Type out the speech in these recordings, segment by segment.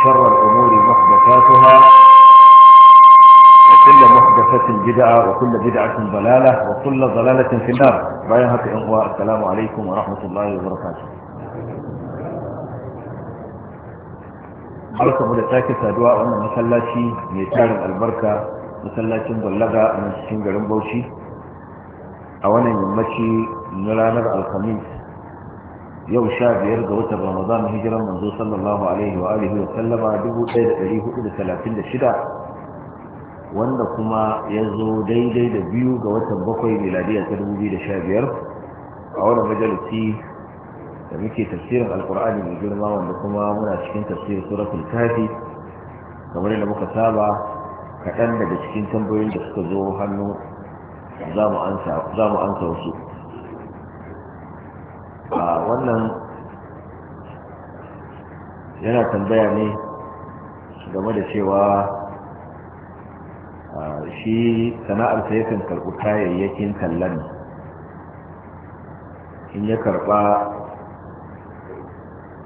وشر الأمور محدثاتها وكل محدثة بدعة وكل بدعة ضلالة وكل ضلالة في النار رأيها في إخوة السلام عليكم ورحمة الله وبركاته mu da sake saduwa wannan masallaci mai tarin albarka masallacin ballaga a cikin garin bauchi a wannan yammaci na ranar alhamis yau sha biyar ga watan ramadan hijiran manzo sallallahu alaihi wa alihi wa sallama shida. wanda kuma ya zo daidai da biyu ga watan bakwai miladiyar ta biyar. a wannan majalisi da muke tafsirin alkur'ani mai girma wanda kuma muna cikin tafsirin suratul kafi kamar yadda muka saba kaɗan daga cikin tambayoyin da suka zo hannu za mu ansa wasu a wannan yana tambaya ne game da cewa shi sana'ar kan karɓi kayayyakin tallan in ya karɓa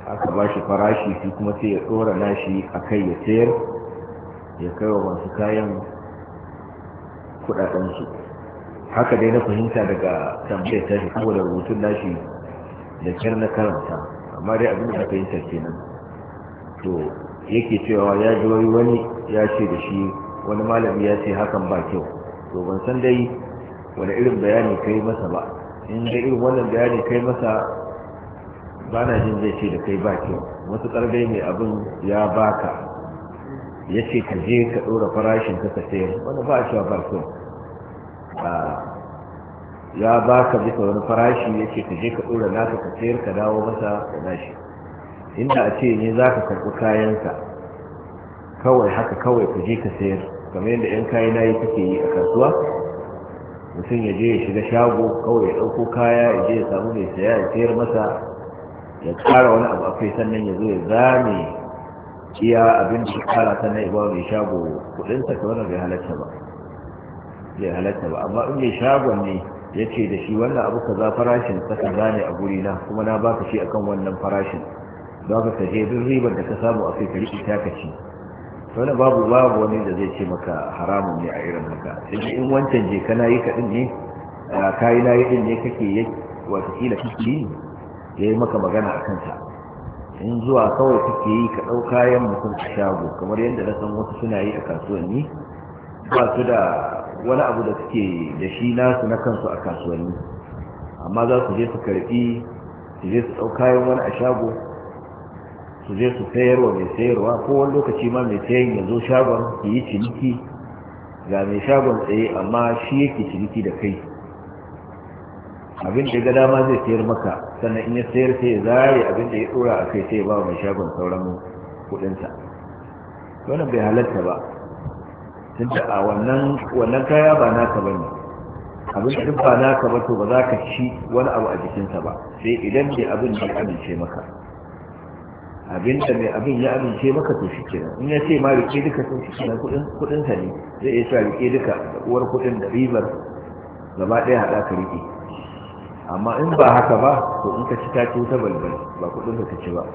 aka ba shi farashi shi kuma sai ya tsora nashi a kai ya sayar ya kai wa masu kayan kudadensu haka dai na fahimta daga tambayar tashi da rubutun nashi da kyar na karanta amma dai abin da aka yi fahimta nan to yake cewa ya ji wani wani ya ce da shi wani malami ya ce hakan ba kyau to ban san dai wani irin bayani kai masa ba in dai irin wannan bayani kai masa ba na jin zai ce da kai ba kyau wasu dai mai abin ya baka ya ce ka je ka ɗora farashin ka sayar wani ba a cewa ba kyau ah, ya ba ka bisa wani farashi ya ce ka je ka ɗora naka ka sayar ka dawo masa da nashi inda a ce ne za ka karɓi kayansa kawai haka kawai ka je ka sayar kamar yadda 'yan kayan yi kake yi a kasuwa mutum ya je ya shiga shago kawai ya ɗauko kaya ya je ya samu mai saya ya sayar masa ya ƙara wani abu akwai sannan ya zo ya zame iya abin da ya ƙara sannan ya ba mai shago kuɗinsa kamar bai halatta ba bai halatta ba amma in mai shagon ne ya ce da shi wannan abu kaza farashin ta kaza ne a guri na kuma na baka shi akan wannan farashin za ka kaje duk ribar da ka samu a kai ka riƙe ta ci wannan babu babu wani da zai ce maka haramun ne a irin haka sai in wancan je kana yi kaɗin ne kayi na yi ɗin ne kake yi wata kila kake ya yi maka magana a kansa in zuwa kawai kake yi ka ɗau kayan mutum a shago kamar yadda na san wasu suna yi a kasuwanni ba su da wani abu da suke da shi nasu na kansu a kasuwanni amma za su je su karbi su je su ɗau kayan wani a shago su je su sayarwa mai sayarwa ko wani lokaci ma mai sayan ya zo shagon su yi ciniki ga mai shagon tsaye amma shi yake ciniki da kai abin da ga dama zai sayar maka sannan in ya sayar sai ya zare abin da ya dora a kai sai ya ba mai shagon sauran kuɗinsa wannan bai halatta ba sun da a wannan kaya ba naka ba ne abin da ba naka ba to ba za ka ci wani abu a jikinsa ba sai idan mai abin ya amince maka abin da mai abin ya amince maka to shi kenan in ya ce ma rike duka sun shi kenan kudin kudin ne zai iya sa rike duka da uwar kudin da ribar gaba ɗaya haɗa ka rike amma in ba haka ba to in ka ci ta ci wuta balbal ba kudin ka ci ba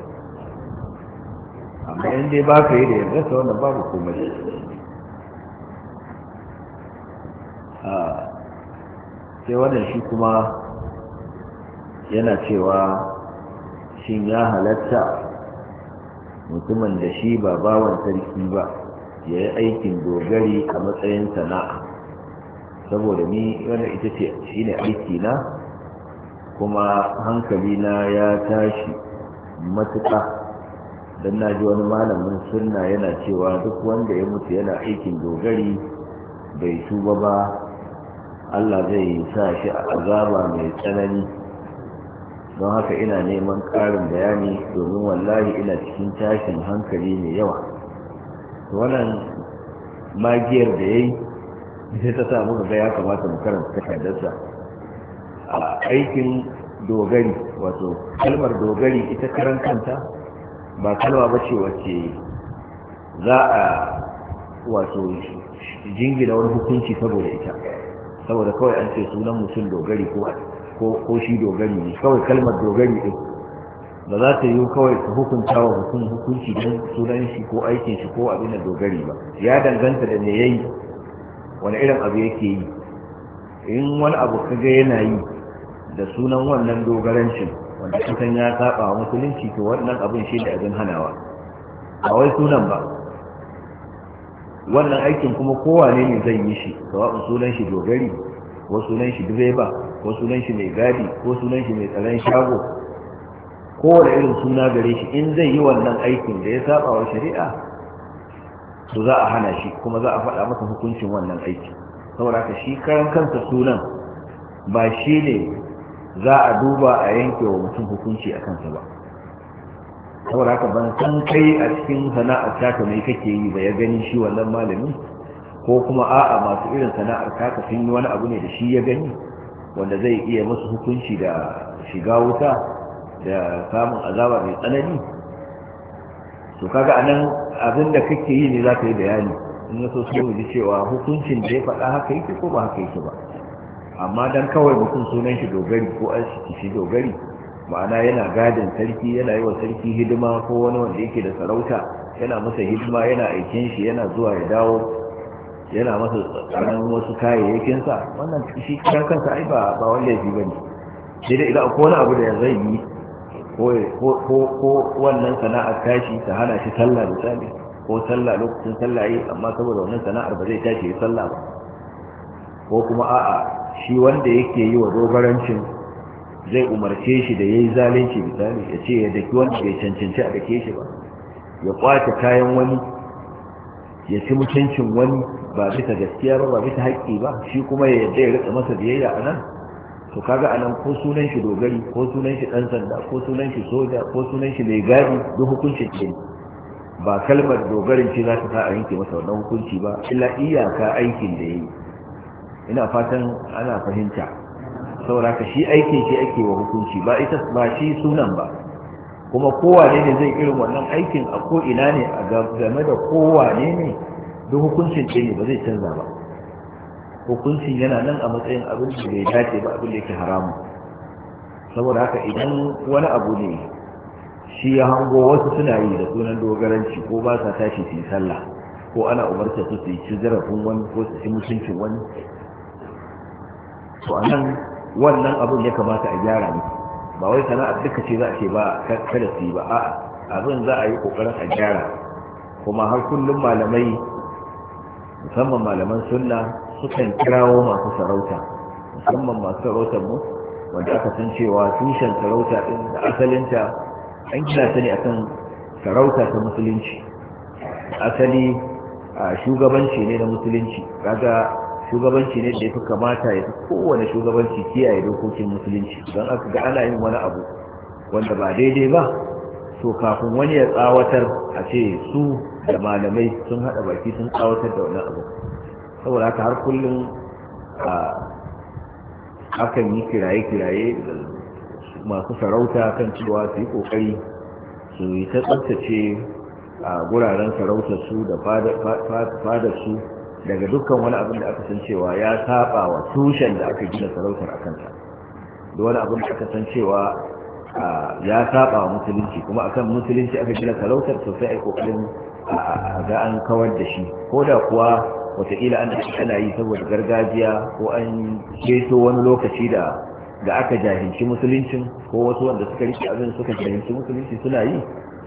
amma in dai ba ka yi da yarda sa wannan babu komai sai wannan shi kuma yana cewa shin ya halatta mutumin da shi ba bawan sarki ba ya yi aikin dogari a matsayin sana'a saboda ni wannan ita ce shi ne aiki na kuma hankali na ya tashi matuƙa don na ji wani malamin sunna yana cewa duk wanda ya mutu yana aikin dogari bai tuba ba Allah zai sa shi a azaba mai tsanani don haka ina neman ƙarin bayani domin wallahi ina cikin tashin hankali mai yawa wannan magiyar da ya yi sai ta samu ga ya kamata mu karanta takardarsa a aikin dogari wato kalmar dogari ita karan kanta ba kalma ba ce wacce za a wato jingina wani hukunci saboda ita saboda kawai an ce sunan mutum dogari ko shi dogari ne kawai kalmar dogari ɗin ba za ta yi kawai ka hukunta wa mutum hukunci don sunan shi ko aikin shi ko abin da dogari ba ya danganta da me yayi wani irin abu yake yi in wani abu kaga yana yi da sunan wannan dogarancin wanda kusan ya saba wa musulunci to wannan abin shi da abin hanawa a wai sunan ba wannan aikin kuma kowane ne zai yi shi sawa'un sunan shi dogari ko sunan shi direba ko sunan shi mai gadi ko sunan shi mai tsaron shago kowane irin suna gare shi in zai yi wannan aikin da ya saba wa shari'a to za a hana shi kuma za a faɗa masa hukuncin wannan aiki saboda ka shi karan kansa sunan ba shi ne za a duba a yanke wa mutum hukunci a kansa ba saboda haka ban san kai a cikin sana'ar taka mai kake yi ba ya gani shi wannan malamin ko kuma a'a masu irin sana'ar taka sun yi wani abu ne da shi ya gani wanda zai iya musu hukunci da shiga wuta da samun azaba mai tsanani to kaga anan abin da kake yi ne za ka yi bayani in ya so mu ji cewa hukuncin da ya faɗa haka yake ko ba haka yake ba amma dan kawai mutum sunan shi dogari ko an shi dogari ma'ana yana gadin sarki yana yi wa sarki hidima ko wani wanda yake da sarauta yana masa hidima yana aikin shi yana zuwa ya dawo yana masa tsakanin wasu kayayyakinsa wannan shi kan kansa ai ba wanda ya fi bane sai dai idan akwai wani abu da zai yi ko wannan sana'ar tashi ta hana shi sallah da tsami ko sallah lokacin sallah yi amma saboda wannan sana'ar ba zai tashi ya sallah ba ko kuma a'a shi wanda yake yi wa dogarancin zai umarce shi da yayi zalunci misali ya ce ya daki wani bai cancanci a dake shi ba ya kwace kayan wani ya ci mutuncin wani ba bisa gaskiya ba ba bisa haƙƙi ba shi kuma ya yadda ya rika masa biyayya a nan to kaga a nan ko sunan shi dogari ko sunan shi ɗan sanda ko sunan shi soja ko sunan shi mai gadi duk hukunci ce ba kalmar dogarin ce za ta sa a yanke masa wannan hukunci ba illa iyaka aikin da ya yi ina fatan ana fahimta saura ka shi aikin shi ake wa hukunci ba ita ba shi sunan ba kuma kowane ne zai irin wannan aikin a ko ina ne a game da kowane ne duk hukuncin ɗaya ba zai canza ba hukuncin yana nan a matsayin abin da bai dace ba abin da yake haramu saboda haka idan wani abu ne shi ya hango wasu suna yi da sunan dogaranci ko ba sa tashi su yi sallah ko ana umarta su su yi ci zarafin wani ko su yi mutuncin wani to a nan wannan abin ya kamata a gyara ne. ba wai a duka ce za a ce ba kada su yi ba a abin za a yi kokarin a gyara kuma har kullum malamai musamman malaman sunna sukan kirawo masu sarauta musamman masu sarautar mu wanda aka san cewa tushen sarauta din da asalinta an gina ta ne akan sarauta ta musulunci asali shugabanci ne na musulunci kaga shugabanci ne da ya fi kamata ya fi kowane shugabanci kiyaye dokokin musulunci don aka ga ana yin wani abu wanda ba daidai ba so kafin wani ya tsawatar a ce su da malamai sun haɗa baki sun tsawatar da wani abu saboda haka har kullum a akan yi kiraye-kiraye masu sarauta kan cewa su yi ƙoƙari su yi ta tsaftace a guraren sarauta su da fadar su daga dukkan wani abin da aka san cewa ya saba wa tushen da aka gina sarautar akan sa da wani abin da aka san cewa ya saba wa musulunci kuma akan musulunci aka gina sarautar sosai ai kokarin ga an kawar da shi ko da kuwa wataƙila an ana yi saboda gargajiya ko an ceto wani lokaci da da aka jahilci musuluncin ko wasu wanda suka rike abin suka jahilci musulunci suna yi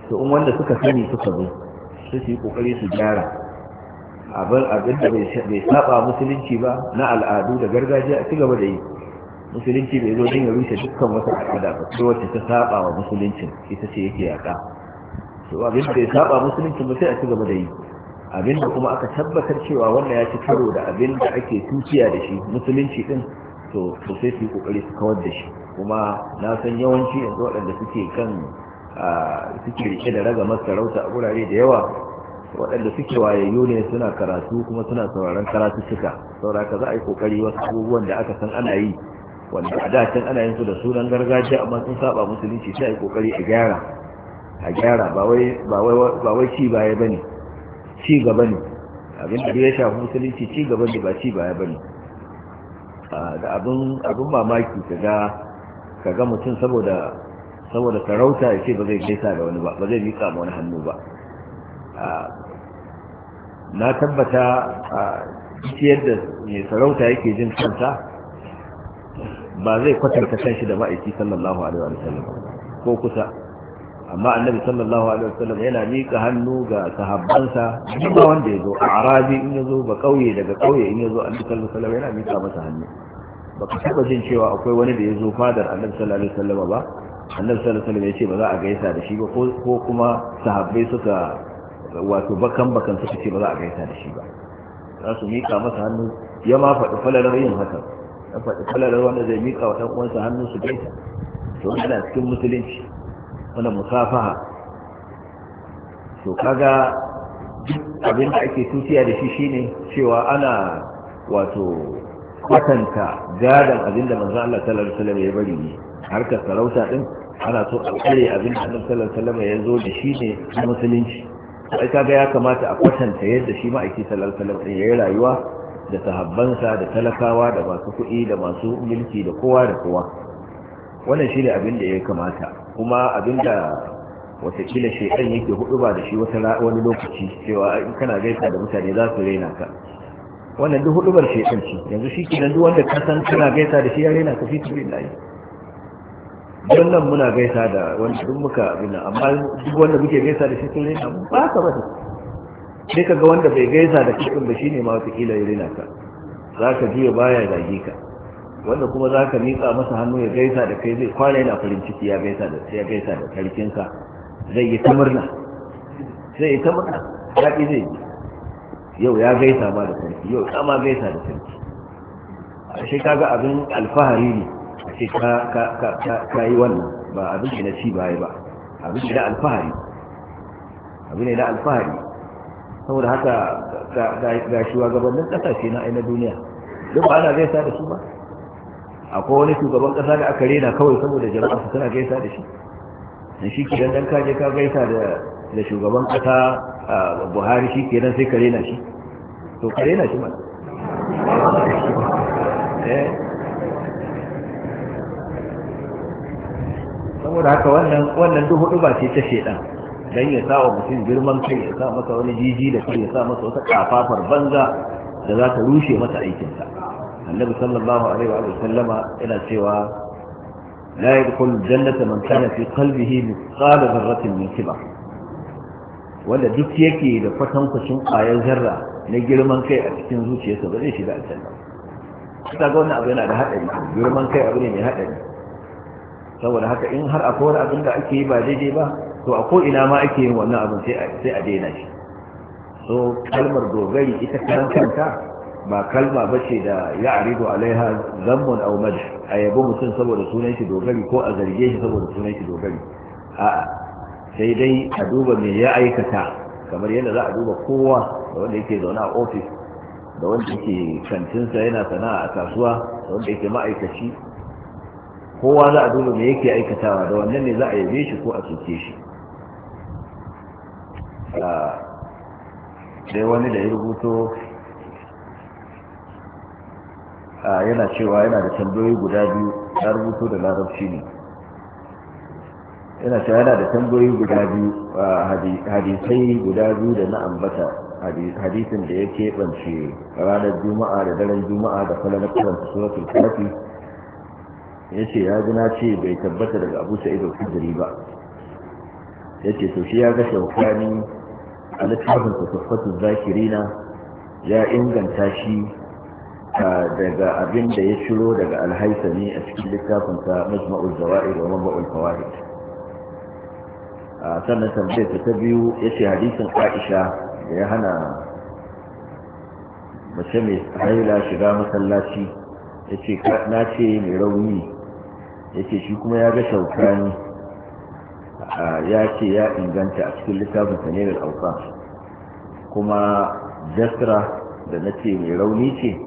to in wanda suka sani suka zo su yi kokari su gyara abin abin da bai saba musulunci ba na al'adu da gargajiya a cigaba da yi musulunci bai zo din ya rushe dukkan wata al'ada ba sai wacce ta saba wa musuluncin ita ce yake yaka to abin da bai saba musuluncin ba sai a cigaba da yi abin da kuma aka tabbatar cewa wannan ya ci karo da abin da ake tuciya da shi musulunci din to to sai su yi kokari su kawar da shi kuma na san yawanci yanzu waɗanda suke kan ah, suke rike da ragamar sarauta a wurare da yawa waɗanda suke wayayyo ne suna karatu kuma suna sauraron karatu saboda ka za a yi kokari wasu abubuwan da aka san ana yi wanda a dacin ana yin su da sunan gargajiya amma sun saba musulunci sai a yi kokari a gyara a gyara ba wai ci baya bane ci gaba ne abin da ya shafi musulunci ci gaba ne ba ci baya bane da abin abin mamaki kaga kaga mutum saboda saboda sarauta ya ce ba zai gaisa da wani ba ba zai miƙa ma wani hannu ba na tabbata ciyar da mai sarauta yake jin kanta ba zai kwatanta kan shi da ma'aiki sallallahu alaihi wa sallam ko kusa amma annabi sallallahu alaihi wa sallam yana miƙa hannu ga sahabbansa duk wanda ya zo a arabi in ya zo ba ƙauye daga ƙauye in ya zo annabi sallallahu alaihi wa sallam yana miƙa masa hannu ba ka taɓa jin cewa akwai wani da ya zo fadar annabi sallallahu alaihi wa sallam ba annabi sallallahu alaihi wa sallam ya ce ba za a gaisa da shi ba ko kuma sahabbai suka wato bakan bakan suka ce ba za a gaisa da shi ba za su miƙa masa hannu ya ma faɗi falalar yin haka ya faɗi falalar wanda zai miƙa wa ɗan uwansa hannu su gaisa to yana cikin musulunci wanda musafaha to kaga abin da ake tutiya da shi shine cewa ana wato kwatanta gadon abin da manzo Allah sallallahu alaihi wasallam ya bari ne harkar sarauta din ana so a kare abin da Allah sallallahu alaihi wasallam ya zo da shi ne musulunci ai kaga ya kamata a kwatanta yadda shi ma'aiki sallallahu ɗin ya yi rayuwa da sahabbansa da talakawa da masu kuɗi da masu mulki da kowa da kowa wannan shi ne abin da ya kamata kuma abin da watakila shaidan yake hudu ba da shi wani lokaci cewa in kana gaisa da mutane za su raina ka wannan duk hudubar shaidan ce yanzu shi kenan duk wanda ka san kana gaisa da shi ya raina ka fi tabi lafiya don nan muna gaisa da wani duk muka abin amma duk wanda muke gaisa da shi sun rena ba ka mata sai ka ga wanda bai gaisa da shi ba shine ma wataƙila ya rina ka za ka ji baya zage ka wanda kuma za ka miƙa masa hannu ya gaisa da kai zai kwana yana farin ciki ya gaisa da ya gaisa da sarkinsa zai yi ta murna zai yi ta murna daɗi zai yi yau ya gaisa ma da karfi yau kama gaisa da karfi a shi kaga abin alfahari ne sai ka yi wannan ba abin da na ci baya ba abin da alfahari abin da alfahari saboda haka ga shugabannin kasashe na aina duniya duk ba ana gaisa da su ba akwai wani shugaban kasa da aka rena kawai saboda jama'a su suna gaisa da shi da shi ke dan ka je ka gaisa da shugaban kasa buhari shi ke sai ka rena shi to ka rena shi ba. saboda haka wannan wannan duk hudu ba ce ta shedan dan ya sa wa mutum girman kai ya sa masa wani jiji da kai ya sa masa wata kafafar banza da za ta rushe masa aikinsa annabi sallallahu alaihi wa sallama yana cewa la yadkhul jannata man kana fi qalbihi mithqala dharratin min kibar wanda duk yake da kwatankwacin ƙwayar zarra na girman kai a cikin zuciyarsa ba zai shiga aljanna ta ga wannan abu yana da haɗari girman kai abu ne mai haɗari saboda haka in har akwai abin da ake yi ba daidai ba to a ko ina ma ake yin wannan abin sai a daina shi so kalmar dogari ita karan kanta ba kalma ba ce da ya arido alaiha zammun au a yabo mutum saboda sunan shi dogari ko a zarge shi saboda sunan shi dogari a sai dai a duba me ya aikata kamar yadda za a duba kowa da wanda yake zaune a ofis da wanda yake kantinsa yana sana'a a kasuwa da wanda yake ma'aikaci kowa za a duba da yake aikatawa da wannan ne za a yabe shi ko a soke shi ah, sai wani da ya rubuto ah, yana cewa yana da tambayoyi guda biyu na rubuto da larabci ne yana cewa yana da tambayoyi guda biyu ah, hadisai guda biyu da na ambata hadisin da ya keɓance ranar juma'a da daren juma'a da kwallon karanta suratul kafi ya ce ya ce bai tabbata daga abu sa'idu al ba ya ce to shi ya ga shaukani a littafin tasaffatun zakirina ya inganta shi daga abin da ya shiro daga ne a cikin littafin sa majma'ul zawa'ir wa maba'ul fawaid sannan tambayar ta ta biyu ya ce hadisin aisha da ya hana mace mai haila shiga masallaci ya ce na ce mai rauni yace shi kuma ya ga saukani ya ce ya inganta a cikin littafin saniyar auka kuma jasra da na ce mai rauni ce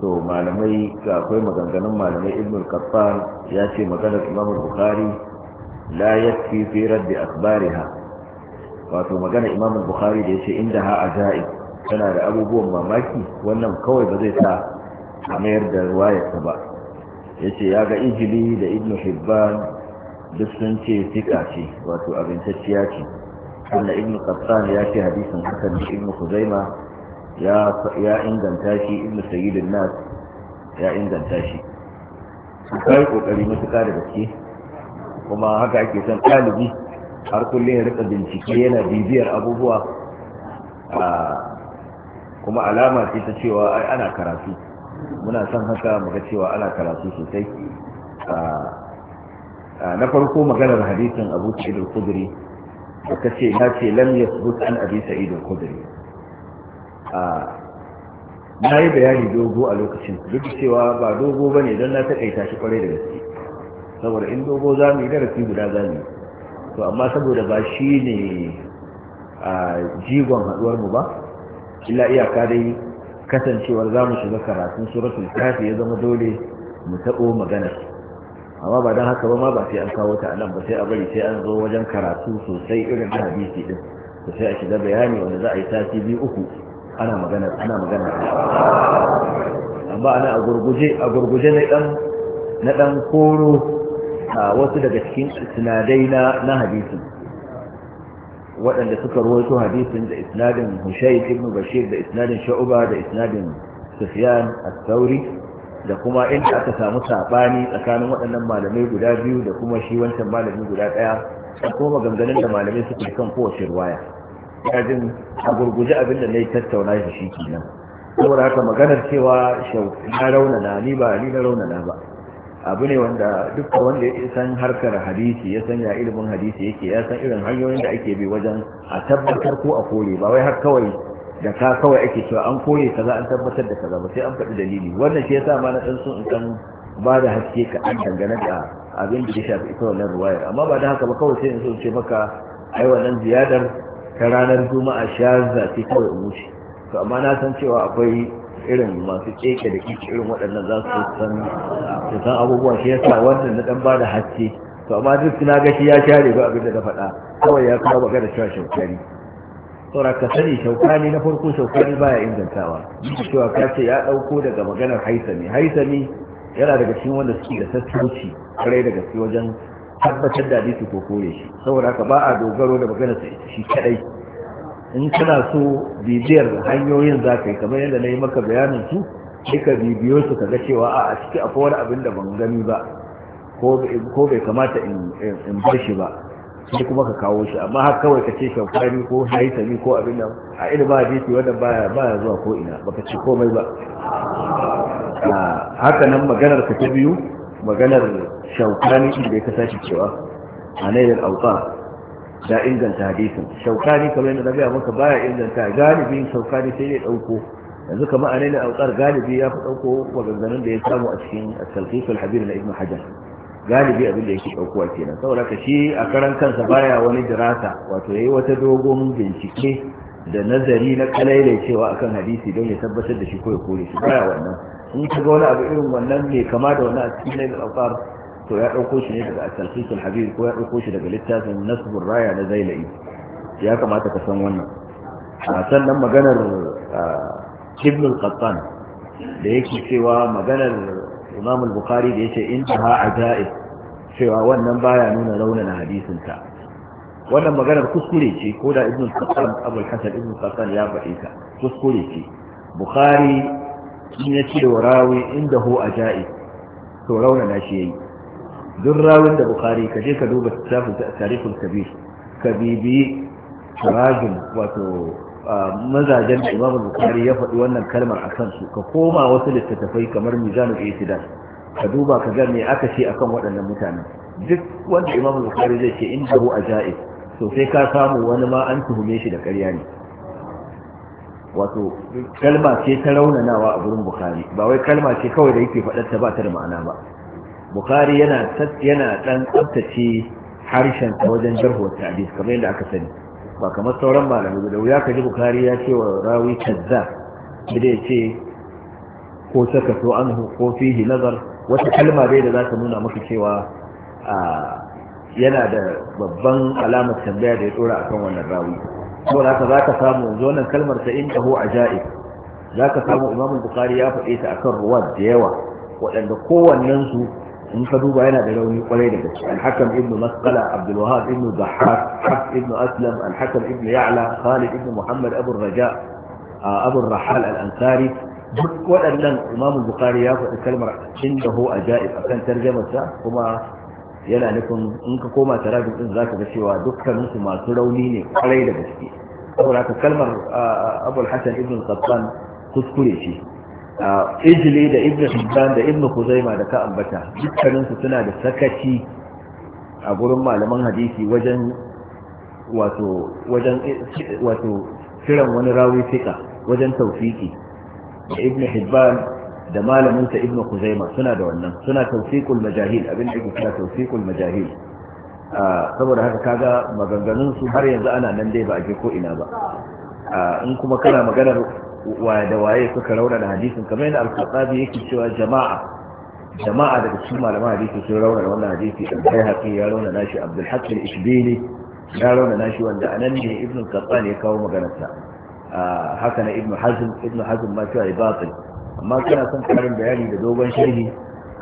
to malamai akwai maganganun malamai ibn kaffar ya ce maganar imam bukhari la yakfi fi raddi akhbariha wato maganar imam bukhari da yace inda ha zai tana da abubuwan mamaki wannan kawai ba zai sa a mayar da ruwayarsa ba ya ce ya ga ijili da ibn hibban duk sun ce fika ce wato abincacciya ce wanda ibn qattan ya ce hadisin ne ibn kuzaima ya inganta shi ibn sayyidin nas ya inganta shi su kai kokari matuka da gaske kuma haka ake son ɗalibi har kullum ya rika bincike yana bibiyar abubuwa ah, kuma alama ce ta cewa ana karatu muna son haka muga cewa ana karatu sosai na farko maganar hadisin abu sa'id al-khudri da kace na ce lam yasbut an abi sa'id al na yi bayani dogo a lokacin duk cewa ba dogo ne don na takaita shi kwarai da gaske saboda in dogo za mu yi darasi guda za mu to amma saboda ba shi ne a jigon haduwar mu ba illa iyaka dai kasancewar za mu shiga karatun suratul kafi ya zama dole mu taɓo magana amma ba don haka ba ma ba sai an kawo ta anan ba sai a bari sai an zo wajen karatu sosai irin na hadisi din to sai a shiga bayani wanda za a yi sati biyu uku ana magana ana magana amma ana a gurguje a gurguje dan na dan koro a wasu daga cikin sinadai na na hadisi waɗanda suka rawaito hadisin da isnadin Hushayb ibn Bashir da isnadin Shu'ba da isnadin Sufyan al-Thawri da kuma inda aka samu sabani tsakanin waɗannan malamai guda biyu da kuma shi wancan malami guda ɗaya da kuma maganganun da malamai suka kan kowace ruwaya Ya jin a gurguje abin da na yi tattauna shi shi kenan saboda haka maganar cewa shau na raunana ni ba ni na raunana ba abu ne wanda duk wanda ya san harkar hadisi ya san ilimin hadisi yake ya san irin hanyoyin da ake bi wajen a tabbatar ko a kore ba wai har kawai da ka kawai ake cewa an kore kaza an tabbatar da kaza ba sai an faɗi dalili wannan shi yasa ma na ɗan sun kan ba da haske ka an dangane da abin da ya shafi ita wannan ruwayar amma ba da haka ba kawai sai in so ce maka ai wannan ziyadar ta ranar juma'a shazza ce kawai in wuce to amma na san cewa akwai irin masu keke da kike irin waɗannan za su san su san abubuwa shi ya sa wannan na dan da haske to amma duk na gashi ya share ba abin da faɗa kawai ya kawo magana cewa shaukani saura ka sani shaukani na farko shaukani baya ingantawa cewa ka ce ya ɗauko daga maganar haisami haisami yana daga cikin wanda suke da sassauci kwarai da gaske wajen tabbatar da hadisi ko kore shi saboda haka ba a dogaro da maganar shi kadai in kana so bibiyar hanyoyin za ka yi kamar yadda na yi maka bayanin su sai ka bibiyo su ka ga cewa a ciki akwai wani abin da ban gani ba ko bai kamata in bar shi ba sai kuma ka kawo shi amma har kawai ka ce shaukari ko haitami ko abin da a ina ba hadisi wanda baya baya zuwa ko ina baka ce komai ba haka nan maganar ka ta biyu maganar shaukari inda ya kasa cewa a nailin auka. da inganta hadisin shaukani kamar yadda gaya maka baya inganta galibi shaukani sai ya dauko yanzu kamar a nuna autsar galibi ya fi dauko maganganun da ya samu a cikin talqisul habir na ibnu hajar galibi abin da yake a kenan saboda ka shi a karan kansa baya wani dirasa wato yayi wata dogon bincike da nazari na kalailai cewa akan hadisi don ya tabbatar da shi ko ya kore shi baya wannan in ka ga wani abu irin wannan ne kama da wannan a cikin nailar autsar ko ya ɗauko shi ne daga at-talqisul habib ko ya ɗauko shi daga littafin nasbur raya na zailai ya kamata ka san wannan sannan maganar ibn al-qattan da yake cewa maganar imam al-bukhari da yace intaha ajaib cewa wannan baya nuna raunana hadisin ta wannan maganar kuskure ce ko da ibn al-qattan abu al-hasan ibn al-qattan ya faɗi ta kuskure ce bukhari in ya ce wa rawi inda hu ajaib to raunana shi yayi duk rawin da bukari ka je ka duba littafin tarihul kabir ka bibi wato mazajen da imamu bukari ya faɗi wannan kalmar a kansu ka koma wasu littattafai kamar mizanul itidal ka duba ka ga me aka ce akan waɗannan mutanen duk wanda imamu bukari zai ce in dahu ajaib to sai ka samu wani ma an tuhume shi da ƙarya ne wato kalma ce ta raunanawa a gurin bukari ba wai kalma ce kawai da yake faɗar ta ba ta da ma'ana ba bukhari yana ɗan dan tsaftace harshen ta wajen jarhuwar hadis kamar yadda aka sani ba kamar sauran malamai da wuya ji bukhari ya ce wa rawi kaza da ya ce ko saka so an ko fihi nazar wata kalma dai da za ta nuna maka cewa yana da babban alamar tambaya da ya tsora akan wannan rawi saboda haka za ka samu yanzu wannan kalmar ta inda ho ajaib za ka samu imamun bukari ya faɗe ta akan ruwan da yawa waɗanda kowannen su in ka duba yana da rauni kwarai da gaske al ibn masqala abdul wahab ibn dhahhak haf ibn aslam al ibn ya'la khalid ibn muhammad abu raja abu rahal al-ansari duk waɗannan imamu bukari ya faɗi kalmar inda ho a jai a tarjamarsa kuma yana nufin in ka koma tarajin ɗin za ga cewa su masu rauni ne kwarai da gaske saboda kalmar abul hasan ibn sattan kuskure ce ijili da ibn hibban da ibn kuzaima da ka ambata dukkaninsu suna da sakaci a gurin malaman hadisi wajen wato wajen wato kiran wani rawi fika wajen taufiki da ibn hibban da malaminsa ibn kuzaima suna da wannan suna taufiqul majahil abin da suna kira taufiqul majahil saboda haka kaga maganganun su har yanzu ana nan dai ba a je ko ina ba in kuma kana maganar wa da waye suka raunar da hadisin kamar yadda al-Qurtubi yake cewa jama'a jama'a daga cikin malaman hadisi sun raunar wannan hadisi da sai haƙi ya rauna nashi Abdul ishbili ya rauna nashi wanda anan ne Ibn Qattan ya kawo maganarsa haka na Ibn Hazm Ibn Hazm ma cewa batil amma kana son karin bayani da dogon shirhi,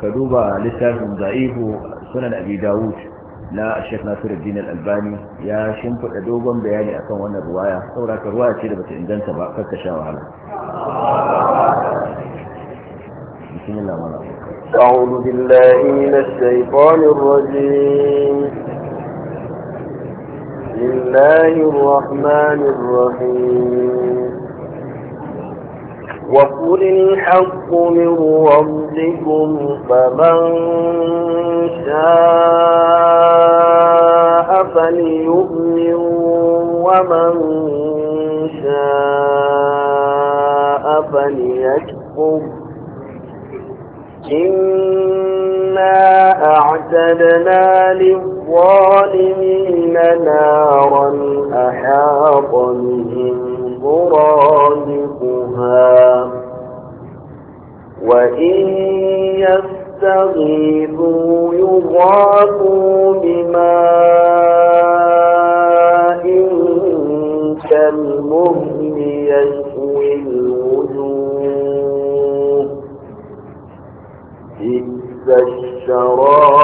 ka duba littafin za'ifu sunan Abi Dawud na Sheikh Nasiruddin Al-Albani ya shimfida dogon bayani akan wannan ruwaya saboda ruwaya ce da bata inganta ba karka sha wahala bismillah wala أعوذ بالله من الشيطان الرجيم بسم الله الرحمن الرحيم وقل الحق من ربكم فمن شاء فليؤمن ومن شاء فليكفر إنا أعتدنا للظالمين نارا أحاط بهم مرادقها وإن يستغيثوا يغاثوا بماء كالمهل يشوي الوجوه بئس الشراب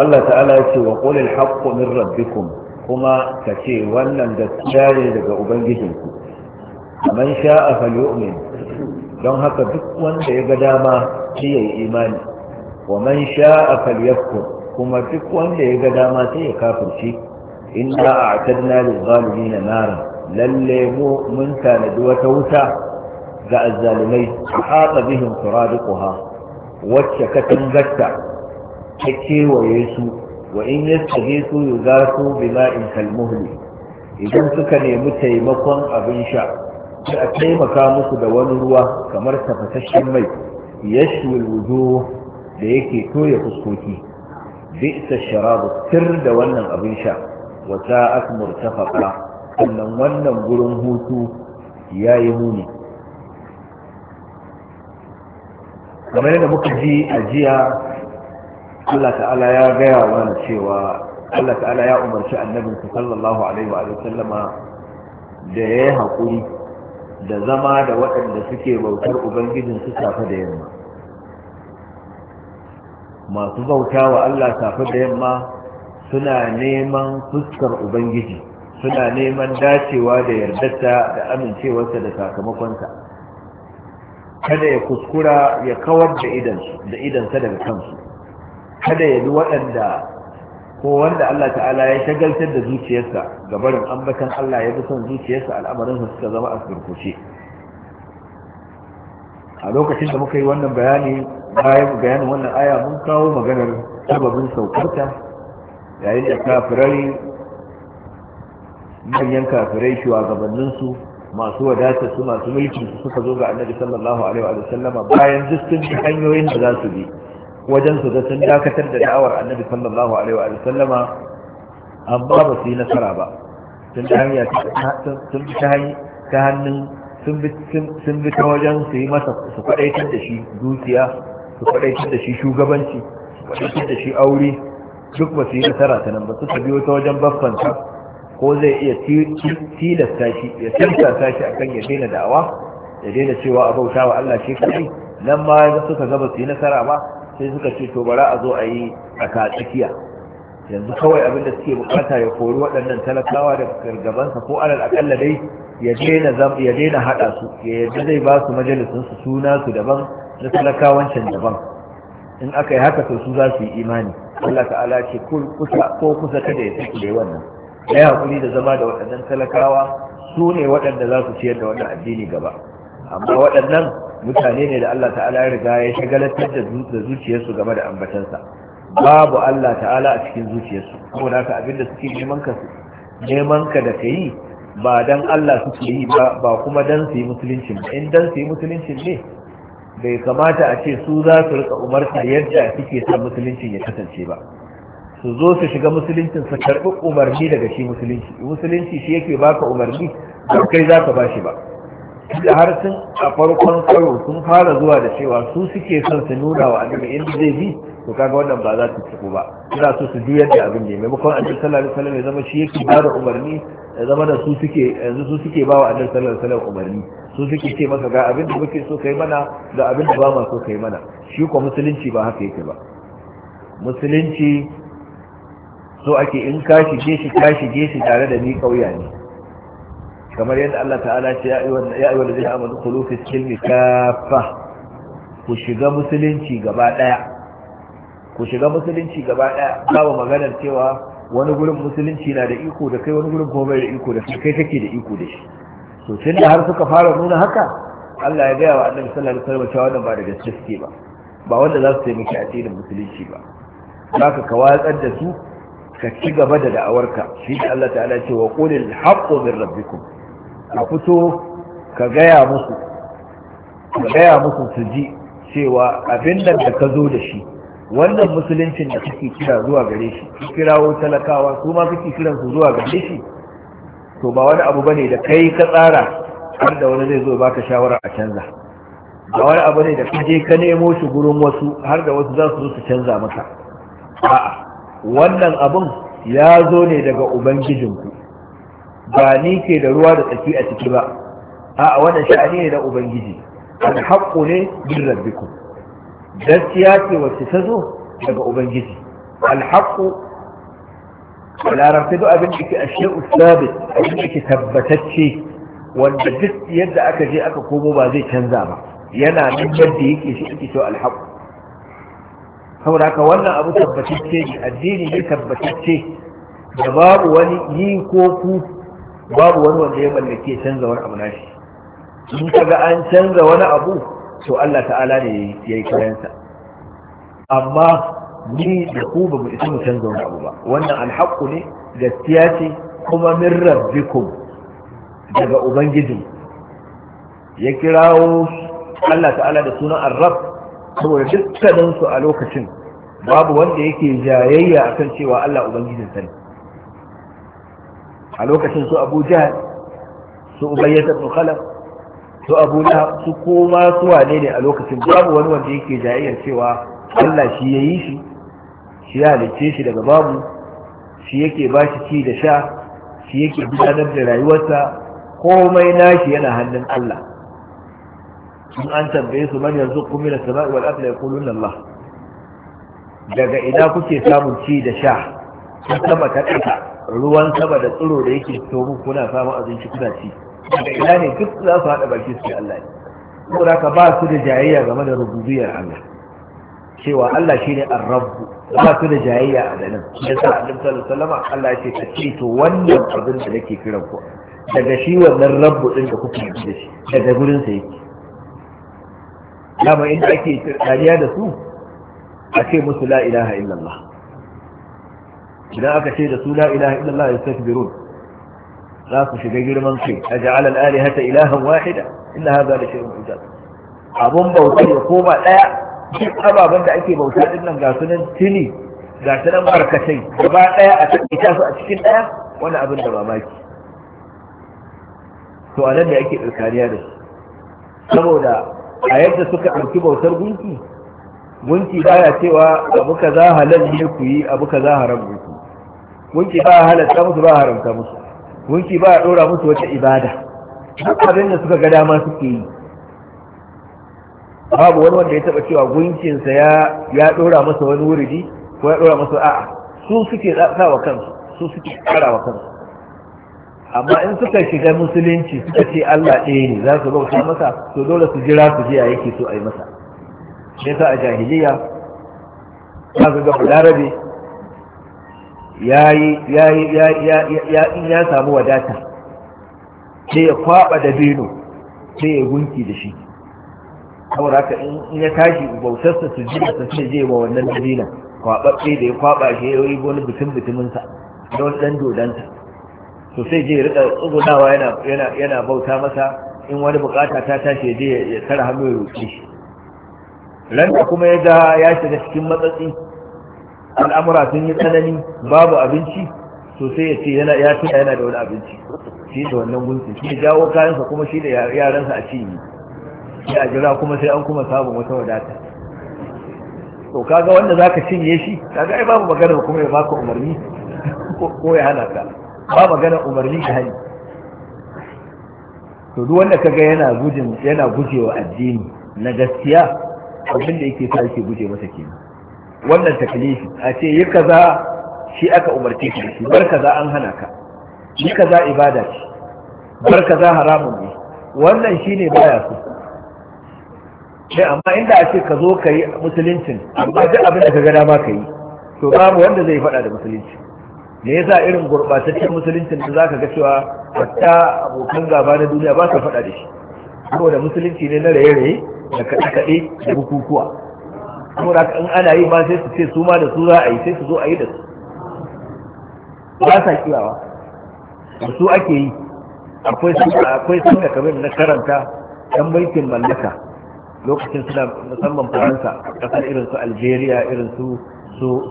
Allah ta'ala ya ce wa qulil haqqu min rabbikum kuma ka ce wannan da ne daga ubangijinku man sha'a falyu'min don haka duk wanda ya ga dama shi yayi imani wa man a falyakfur kuma duk wanda ya ga dama sai ya kafirci inna a'tadna lil na nara lalle mu mun tanadi wata wuta ga azzalimai hata bihim suradiquha wacce ka tangatta ta kewaye su wa in yastaje su yugasu in kalmuhli idan suka nemi taimakon abin sha sai a taimaka musu da wani ruwa kamar tafasasshen mai yashwil wujuh da yake toye fuskoki bi'sa sharabu tir da wannan abin sha asmur ta faɗa. sannan wannan gurin hutu yi muni kamar yadda muka ji a jiya Allah ta'ala ya gaya mana cewa Allah ta'ala ya umarci annabinsa sallallahu alaihi wa sallama da ya yi haƙuri da zama da waɗanda suke bautar ubangijin su safe da yamma masu bauta wa Allah safe da yamma suna neman fuskar ubangiji suna neman dacewa da yardarta da amincewarsa da sakamakonsa kada ya kuskura ya kawar da idansa daga kansu kada ya bi waɗanda ko wanda Allah ta'ala ya shagaltar da zuciyarsa ga barin ambatan Allah ya fi son zuciyarsa al'amarinsa suka zama a surkushe a lokacin da muka yi wannan bayani bayan bayanin wannan aya mun kawo maganar sababin saukarta yayin da kafirai manyan kafirai shugabanninsu masu wadata su masu mulkin su suka zo ga annabi sallallahu alaihi wa sallama bayan duk sun hanyoyin da za su bi wajen su ga sun dakatar da da'awar annabi sallallahu alaihi wa sallama amma ba su yi nasara ba sun ta hanya sun bi ta hannun sun bi ta wajen su yi masa su kwadaitar da shi dukiya su kwadaitar da shi shugabanci su kwadaitar da shi aure duk ba su yi nasara ta nan ba su biyo ta wajen baffanta, ko zai iya tilasta shi ya tilasta shi akan ya daina da'awa ya daina cewa a bauta wa Allah shi kadai nan ma suka gaba su yi nasara ba sai suka ce to bara a zo a yi a ka tsakiya yanzu kawai abin da suke bukata ya kori waɗannan talakawa da gargabansa ko alal akalla dai ya daina haɗa su ya yadda zai ba su majalisun su suna su daban na talakawancin daban in aka yi haka to su za su yi imani Allah ta'ala ce kusa ko kusa kada ya saki da wannan ya hakuri da zama da waɗannan talakawa su ne waɗanda za su ciyar da wannan addini gaba amma waɗannan mutane ne da Allah ta'ala ya riga ya shagalatar da zuciyarsu game da ambatansa babu Allah ta'ala a cikin zuciyarsu Ko da ka abinda suke neman ka neman ka da kai ba dan Allah suke yi ba ba kuma dan su yi musulunci ba in dan su yi musulunci ne bai kamata a ce su za su rika umarta yadda suke son musuluncin ya kasance ba su zo su shiga musuluncin su karɓi umarni daga shi musulunci musulunci shi yake baka umarni ba kai za ka ba shi ba da har sun a farkon karo sun fara zuwa da cewa su suke son su nuna wa annabi inda zai bi to kaga wannan ba za su ciko ba suna so su juyar da abin ne maimakon annabi sallallahu alaihi wasallam ya zama shi yake ba da umarni ya zama da su suke yanzu su suke ba wa annabi sallallahu alaihi wasallam umarni su suke ce masa ga abin da muke so kai mana da abin da ba ma so kai mana shi ko musulunci ba haka yake ba musulunci so ake in ka shige shi ka shige shi tare da ni kauya ne kamar yadda Allah ta'ala ce ya ayyuhal ladina amanu khulu fi kilmi kaffa ku shiga musulunci gaba ɗaya ku shiga musulunci gaba daya babu maganar cewa wani gurin musulunci na da iko da kai wani gurin kuma bai da iko da kai kake da iko da shi to tun da har suka fara nuna haka Allah ya gaya wa annan sallar alaihi wasallam cewa wannan ba da gaske ba ba wanda za su taimaki addinin musulunci ba zaka ka watsar da su ka ci gaba da da'awarka shi da Allah ta'ala ce wa qulil haqqu min rabbikum ka fito ka gaya musu ka gaya musu su ji cewa abin da ka zo da shi wannan musuluncin da kake kira zuwa gare shi ki kirawo talakawa su ma kake kiran su zuwa gare shi to ba wani abu bane da kai ka tsara har da wani zai zo baka shawara a canza ba wani abu ne da ka je ka nemo shi gurin wasu har da wasu za su zo su canza maka a'a wannan abun ya zo ne daga ubangijinku ba ni ke da ruwa da tsaki a ciki ba a wannan sha'ani ne na ubangiji alhaqqu ne min rabbikum gaskiya ce wacce ta zo daga ubangiji alhaqqu a larabta duk abin da ke ashe usabit abin da ke tabbatacce wanda duk yadda aka je aka komo ba zai canza ba yana nan yadda yake shi ake cewa alhaqqu saboda haka wannan abu tabbatacce ne addini ne tabbatacce da babu wani yi ko ku babu wani wanda ya mallake canza wani abu nashi in kaga an canza wani abu to Allah ta'ala ne ya yi kayansa amma ni da ku ba mu isa mu canza wani abu ba wannan alhaƙu ne gaskiya ce kuma min rabbikum daga ubangiji ya kirawo Allah ta'ala da sunan arab saboda dukkaninsu a lokacin babu wanda yake jayayya akan cewa Allah ubangijin sani a lokacin su abu jihar su ubayyatar nukhalar su abu su koma su wane ne a lokacin babu wani wanda yake jayayyar cewa allah shi ya yi shi shi ya halicce shi daga babu shi yake ba shi ci da sha shi yake gudanar da rayuwarsa komai nashi yana hannun allah in an tambaye su man yanzu kuma da sama'i wal afla yaqulun allah daga ina kuke samun ci da sha ta sama ta ruwan sama da tsiro da yake fito muku kuna samun abinci kuna ci daga ina ne duk za su haɗa baki su Allah ne saboda ka ba su da jayayya game da rububiyar Allah cewa Allah shine ar-rabb ba su da jayayya a nan yasa Annabi sallallahu alaihi wasallam Allah ya ka ce to wannan abin da nake kiran ku daga shi wannan rabbu din da kuke yi da shi daga gurin sa yake dama inda ake dariya da su a ce musu la ilaha illallah idan aka ce da su la ilaha illallah yastakbirun za su shiga girman kai aj'al al-alihata ilahan wahida inna hadha la shay'un ujab abun bauta ya koma daya duk ababen da ake bauta din nan ga nan tili ga su nan barkatai gaba daya a cikin su a cikin daya wani abin da mamaki to anan ne ake tsirkaniya da su saboda a yadda suka ɗauki bautar gunki gunki baya cewa abu kaza halal ne ku yi abu kaza haram ne gunki ba a halatta musu ba a haramta musu gunki ba a ɗora musu wata ibada duk abin da suka ga dama suke yi babu wani wanda ya taɓa cewa gunkinsa ya ɗora masa wani wuridi ko ya ɗora masa a'a su suke sa wa kansu su suke ƙara wa kansu amma in suka shiga musulunci suka ce Allah ɗaya ne za su bauta masa to dole su jira su jiya yake so a yi masa sai sa a jahiliya za su ga Larabe? ya ya samu wadata sai ya kwaba da beno sai ya gunki da shi saboda haka in ya tashi bautarsa su ji da sassan je wa wannan dabina kwaɓaɓɓe da ya kwaɓa shi ya yi wani bitin bitiminsa da wani ɗan dodonsa to sai je rika riƙa tsugunawa yana bauta masa in wani bukata ta tashi ya je ya tara hannu ya roƙe shi ranta kuma ya ga ya shiga cikin matsatsi al'amura sun yi tsanani babu abinci to sai ya ce yana ya tuna yana da wani abinci shi da wannan gunki shi jawo kayansa kuma shi da yaransa a ne? shi a jira kuma sai an kuma sabon wata wadata to kaga wanda zaka cinye shi kaga ai babu magana kuma ya baka umarni ko ya hana ka ba magana umarni ka hani to duk wanda kaga yana gujin yana gujewa addini na gaskiya abin da yake sa yake guje masa kenan wannan taklifi a ce yi kaza shi aka umarce shi shi bar kaza an hana ka yi kaza ibada ce bar kaza haramun ne wannan shine baya so sai eh, amma inda a ce ka zo ka yi musuluncin amma duk abin da ka gada dama ka yi to babu wanda zai faɗa da musulunci me yasa irin gurɓataccen musuluncin da zaka ga cewa hatta abokan gaba na duniya ba su faɗa da shi saboda musulunci ne na raye-raye da kaɗe-kaɗe da bukukuwa saboda in ana yi ba sai su ce su ma da su za a yi sai su zo a yi da su ba sa kiyawa su ake yi akwai akwai da kamar na karanta dan mulkin mallaka lokacin suna musamman faransa kasar irin su algeria irin su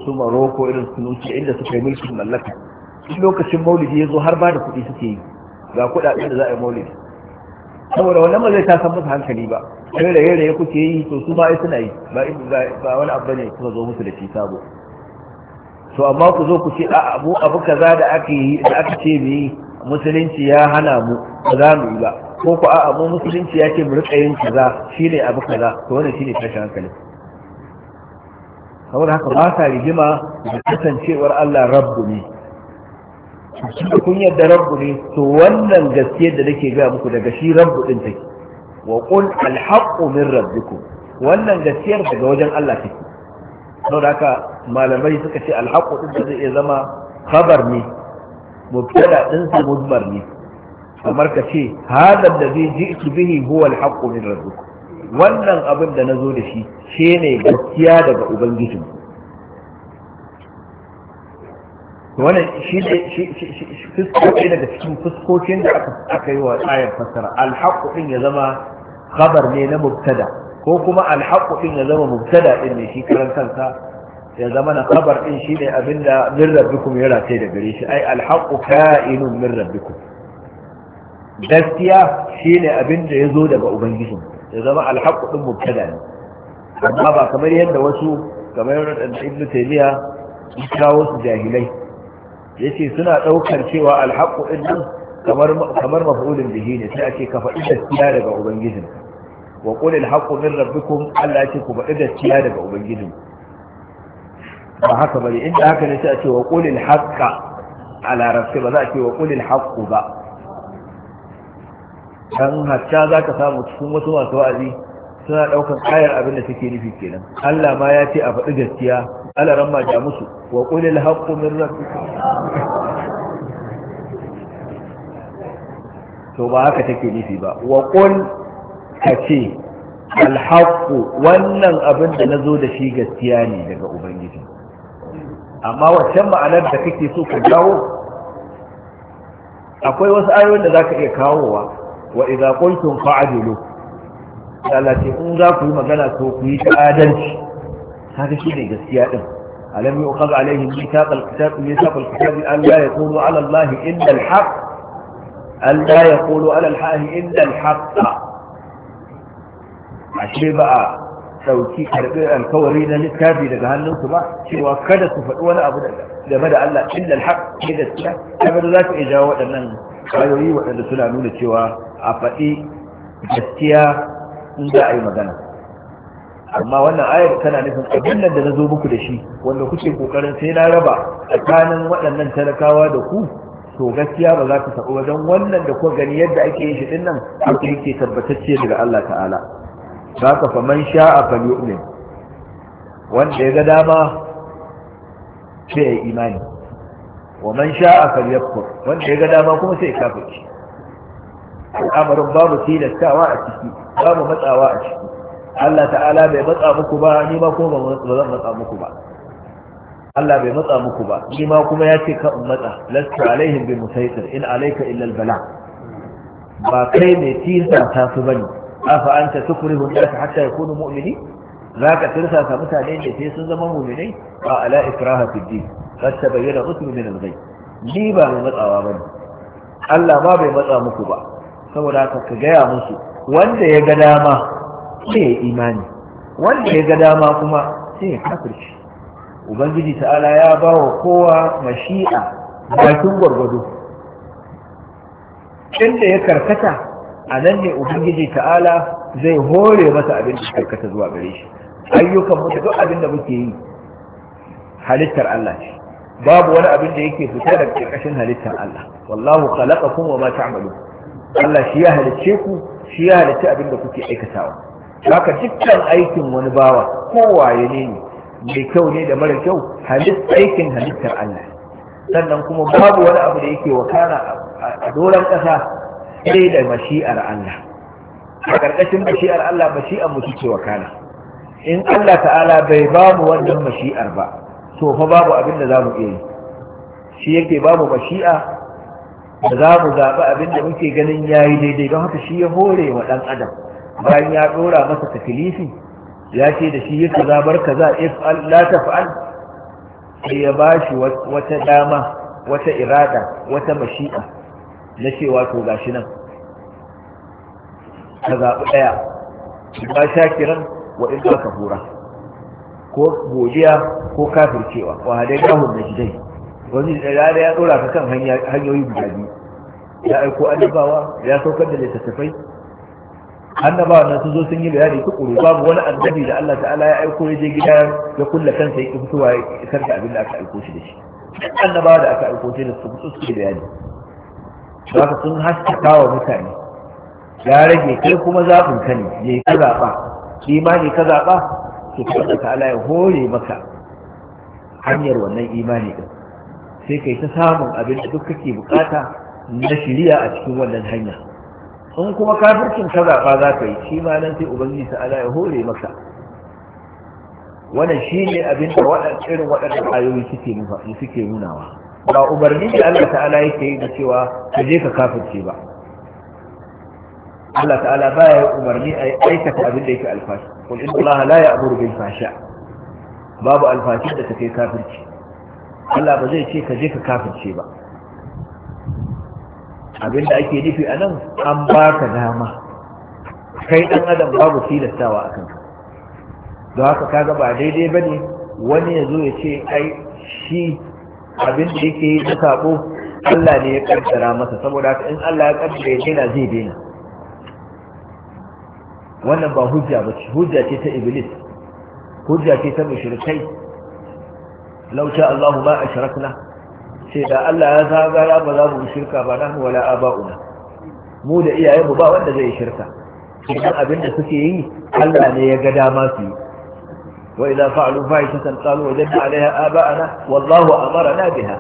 su maroko irin su nuci inda suka yi mulkin mallaka lokacin maulidi ya zo har ba da kuɗi suke yi ga kuɗaɗen da za a yi maulidi saboda wannan ba zai ta san musu hankali ba sai da yare kuke yi to su ma suna yi ba wani abu ne kuma zo musu da shi sabo to amma ku zo ku ce a abu abu kaza da aka yi da aka ce mu musulunci ya hana mu ba za mu yi ba ko ku a abu musulunci ya ce mu rika yin kaza shine abu kaza to wannan shine tashin hankali saboda haka ba sa rigima da kasancewar Allah rabbu ne kun yadda rabbu ne to wannan gaskiyar da nake gaya muku daga shi rabbu din take wa qul alhaqqu min rabbikum wannan gaskiyar daga wajen Allah take saboda haka malamai suka ce alhaqqu din da zai iya zama khabar ne mubtada din sa mudmar ne kamar ka ce hada da zai ji bihi huwa alhaqqu min rabbikum wannan abin da nazo da shi shine gaskiya daga ubangijinku wannan shi ne fuskoki daga cikin fuskokin da aka yi wa tsayin fassara alhaƙu ɗin ya zama khabar ne na mubtada ko kuma alhaƙu ɗin ya zama mubtada ɗin ne shi karan kansa ya zama na khabar ɗin shi ne abin da min rabbikum ya rataye da gare shi ai alhaƙu ka'inun min rabbikum gaskiya shi ne abin da ya zo daga ubangijin ya zama alhaƙu ɗin mubtada ne amma ba kamar yadda wasu kamar yadda ibnu taymiya ya kawo su jahilai yace suna daukar cewa alhaqu din nan kamar kamar maf'ulun bihi ne sai ake ka faɗi gaskiya daga ubangijin wa qul alhaqu min rabbikum Allah ce ku faɗi gaskiya daga ubangijin ba haka bane inda haka ne sai a ce wa qul alhaqa a larabci ba za a ce wa qul alhaqu ba dan hatta ka samu cikin wasu masu wa'azi suna daukar ayar abin da suke nufi kenan Allah ma ya ce a faɗi gaskiya ala ramma ja musu wa qulil haqqu min rabbikum to ba haka take nufi ba wa qul kace alhaqqu wannan abin da nazo da shi gaskiya ne daga ubangiji amma waccan ma'anar da kake so ka jawo akwai wasu ayoyin da zaka iya kawowa wa idza qultum fa'dilu Allah ce in za ku yi magana to ku yi ta adalci هذا شيء لجسيائهم ألم يؤخذ عليهم ميثاق الكتاب ميثاق الكتاب أن لا يقولوا على الله إلا الحق أن لا يقولوا على الله إلا الحق أشبه بقى توكي الكورين للكافي لقهان نوتما شو أكد سفر ولا أبدا لبدا أن لا إلا الحق إذا سنة أبدا لا تجاوة أنه قالوا لي وحد سنة نولي شو أفئي مدنه amma wannan ayar tana nufin abin nan da na zo muku da shi wanda kuke kokarin sai na raba tsakanin waɗannan talakawa da ku to gaskiya ba za ku ba, wajen wannan da kuka gani yadda ake yin shi din nan haka yake tabbatacce daga Allah ta'ala ka fa man sha'a ne. wanda ya ga dama sai ya imani wa man sha'a falyakfur wanda ya ga dama kuma sai ya kafirci al'amarin babu tilastawa a ciki babu matsawa a ciki Allah ta'ala bai matsa muku ba ni ma ko ba zan matsa muku ba Allah bai matsa muku ba ni ma kuma ya ce ka in matsa lasta alaihim bi musaitir in alaika illa albala ba kai mai tisa ta su bane afa anta tukrihu an-nas hatta yakunu mu'mini zaka tirsa ka mutane da sai sun zama mu'minai ba ala ikraha fi din kad tabayyana rusul min al-ghayb ni ba mai matsawa bane Allah ma bai matsa muku ba saboda ka gaya musu wanda ya ga dama sai ya imani wanda ya ga dama kuma sai ya kafirci ubangiji ta'ala ya ba wa kowa mashi'a bakin gwargwado inda ya karkata a nan ne ubangiji ta'ala zai hore masa abin da karkata zuwa gare shi ayyukan mutu duk abin da muke yi halittar Allah ce babu wani abin da yake fita da ƙarƙashin halittar Allah wallahu khalaqakum wa ma ta'malun Allah shi ya halicce ku shi ya halicce abin da kuke aikatawa haka dukkan aikin wani bawa kowaye ne mai kyau ne da mara kyau halis aikin halittar Allah sannan kuma babu wani abu da yake wakana a doron ƙasa sai da mashi'ar Allah a ƙarƙashin mashi'ar Allah mashi'ar mu suke wakana in Allah ta'ala bai babu wannan mashi'ar ba to fa babu abin da za mu iya yi shi yake babu mashi'a da za mu zaɓi abin da muke ganin ya yi daidai don haka shi ya hore wa ɗan adam bayan ya dora masa takilifi ya ce da shi yi kaza bar kaza if'al la taf'al sai ya bashi wata dama wata irada wata mashi'a na cewa to gashi nan ka zaɓi ɗaya ba kiran wa in ba ka hura ko godiya ko kafircewa wa hadai gahun da gidai wani da da ya ɗora ka kan hanyoyi guda biyu ya aiko annabawa ya saukar da littattafai annabawa nan sun zo sun yi bayani tukuru babu wani annabi da Allah ta'ala ya aiko ya je gida ya kulla kansa ya fitowa ya isar abin da aka aiko shi da shi annabawa da aka aiko shi da su fito su bayani haka sun haskaka wa mutane ya rage kai kuma zaɓin ka ne je ka zaɓa imani ka zaɓa to kuma ta'ala ya hore maka hanyar wannan imani din sai kai ta samun abin da duk kake bukata na shiriya a cikin wannan hanya in kuma kafircin ka zaɓa za ka yi shi ma nan sai ubangiji ta'ala ya hore maka wannan shi ne abin da irin waɗannan ayoyi suke nunawa ba umarni da Allah ta'ala yake yi da cewa ka je ka kafirce ba Allah ta'ala ba ya umarni a aikata abin da yake alfashi kul inna Allah la ya'muru bil fahsha babu alfashin da ta kai kafirci Allah ba zai ce ka je ka kafirce ba abinda ake nufi a nan an baka dama kai ɗan adam babu tilastawa a kanka don haka kaga ba daidai ba ne wani ya zo ya ce ai shi abinda yake yi na sabo Allah ne ya kaddara masa saboda haka in Allah ya kaddara ya daina zai daina wannan ba hujja ba ce hujja ce ta iblis hujja ce ta mushrikai law sha Allahu ma ashrakna ce da Allah ya zaga ya ba za mu shirka ba nahu wala aba'una mu da iyayenmu ba wanda zai shirka idan abin da suke yi Allah ne ya ga dama su yi wa idza fa'alu fa'ishatan qalu wajadna 'alayha aba'ana wallahu amarna biha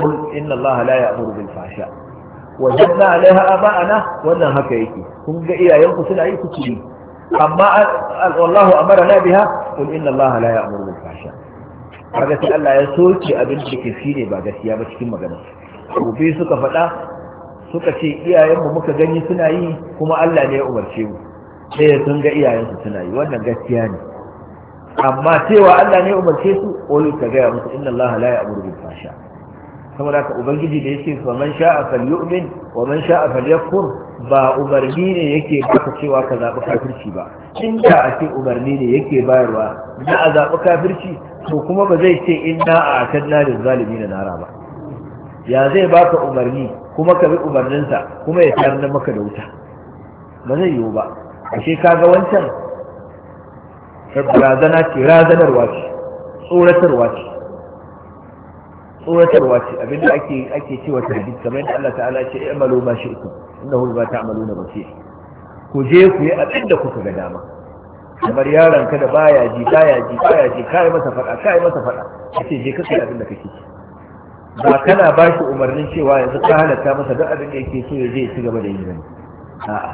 qul inna Allah la ya'muru bil fahsha wajadna 'alayha aba'ana wannan haka yake kun ga iyayenku suna yi kuke yi amma wallahu amarna biha qul inna Allah la ya'muru ga sai Allah ya soke abin da ke shi ne ba gaskiya ba cikin magana gobe suka faɗa suka ce iyayenmu muka gani suna yi kuma Allah ne ya umarce mu sai sun ga iyayensu suna yi wannan gaskiya ne amma cewa Allah ne ya umarce su ƙoli ka gaya musu inna Allah la ya amuru bil fasha saboda ka ubangiji da yake fa man sha'a falyu'min wa man sha'a falyakfur ba umarni ne yake baka cewa ka zaɓi kafirci ba inda a ce umarni ne yake bayarwa na a zaɓi kafirci to kuma ba zai ce inna a da zalimi na nara ba ya zai baka umarni kuma ka bi umarninsa kuma ya da maka da wuta ba zai yiwu ba ashe ga wancan razana ce razanarwa ce tsoratarwa ce tsoratarwa ce abinda ake ake cewa tahdid kamar yadda Allah ta'ala ce i'malu ma shi'tum ta bima ta'maluna basir ku je ku yi abin abinda kuka ga dama kamar yaron ka da baya ji baya ji baya ji kai masa fada kai masa fada kace je ka kai da kake ci ba kana ba shi umarnin cewa yanzu ka halatta masa duk abin da yake so ya je ya ci gaba da yin bane a'a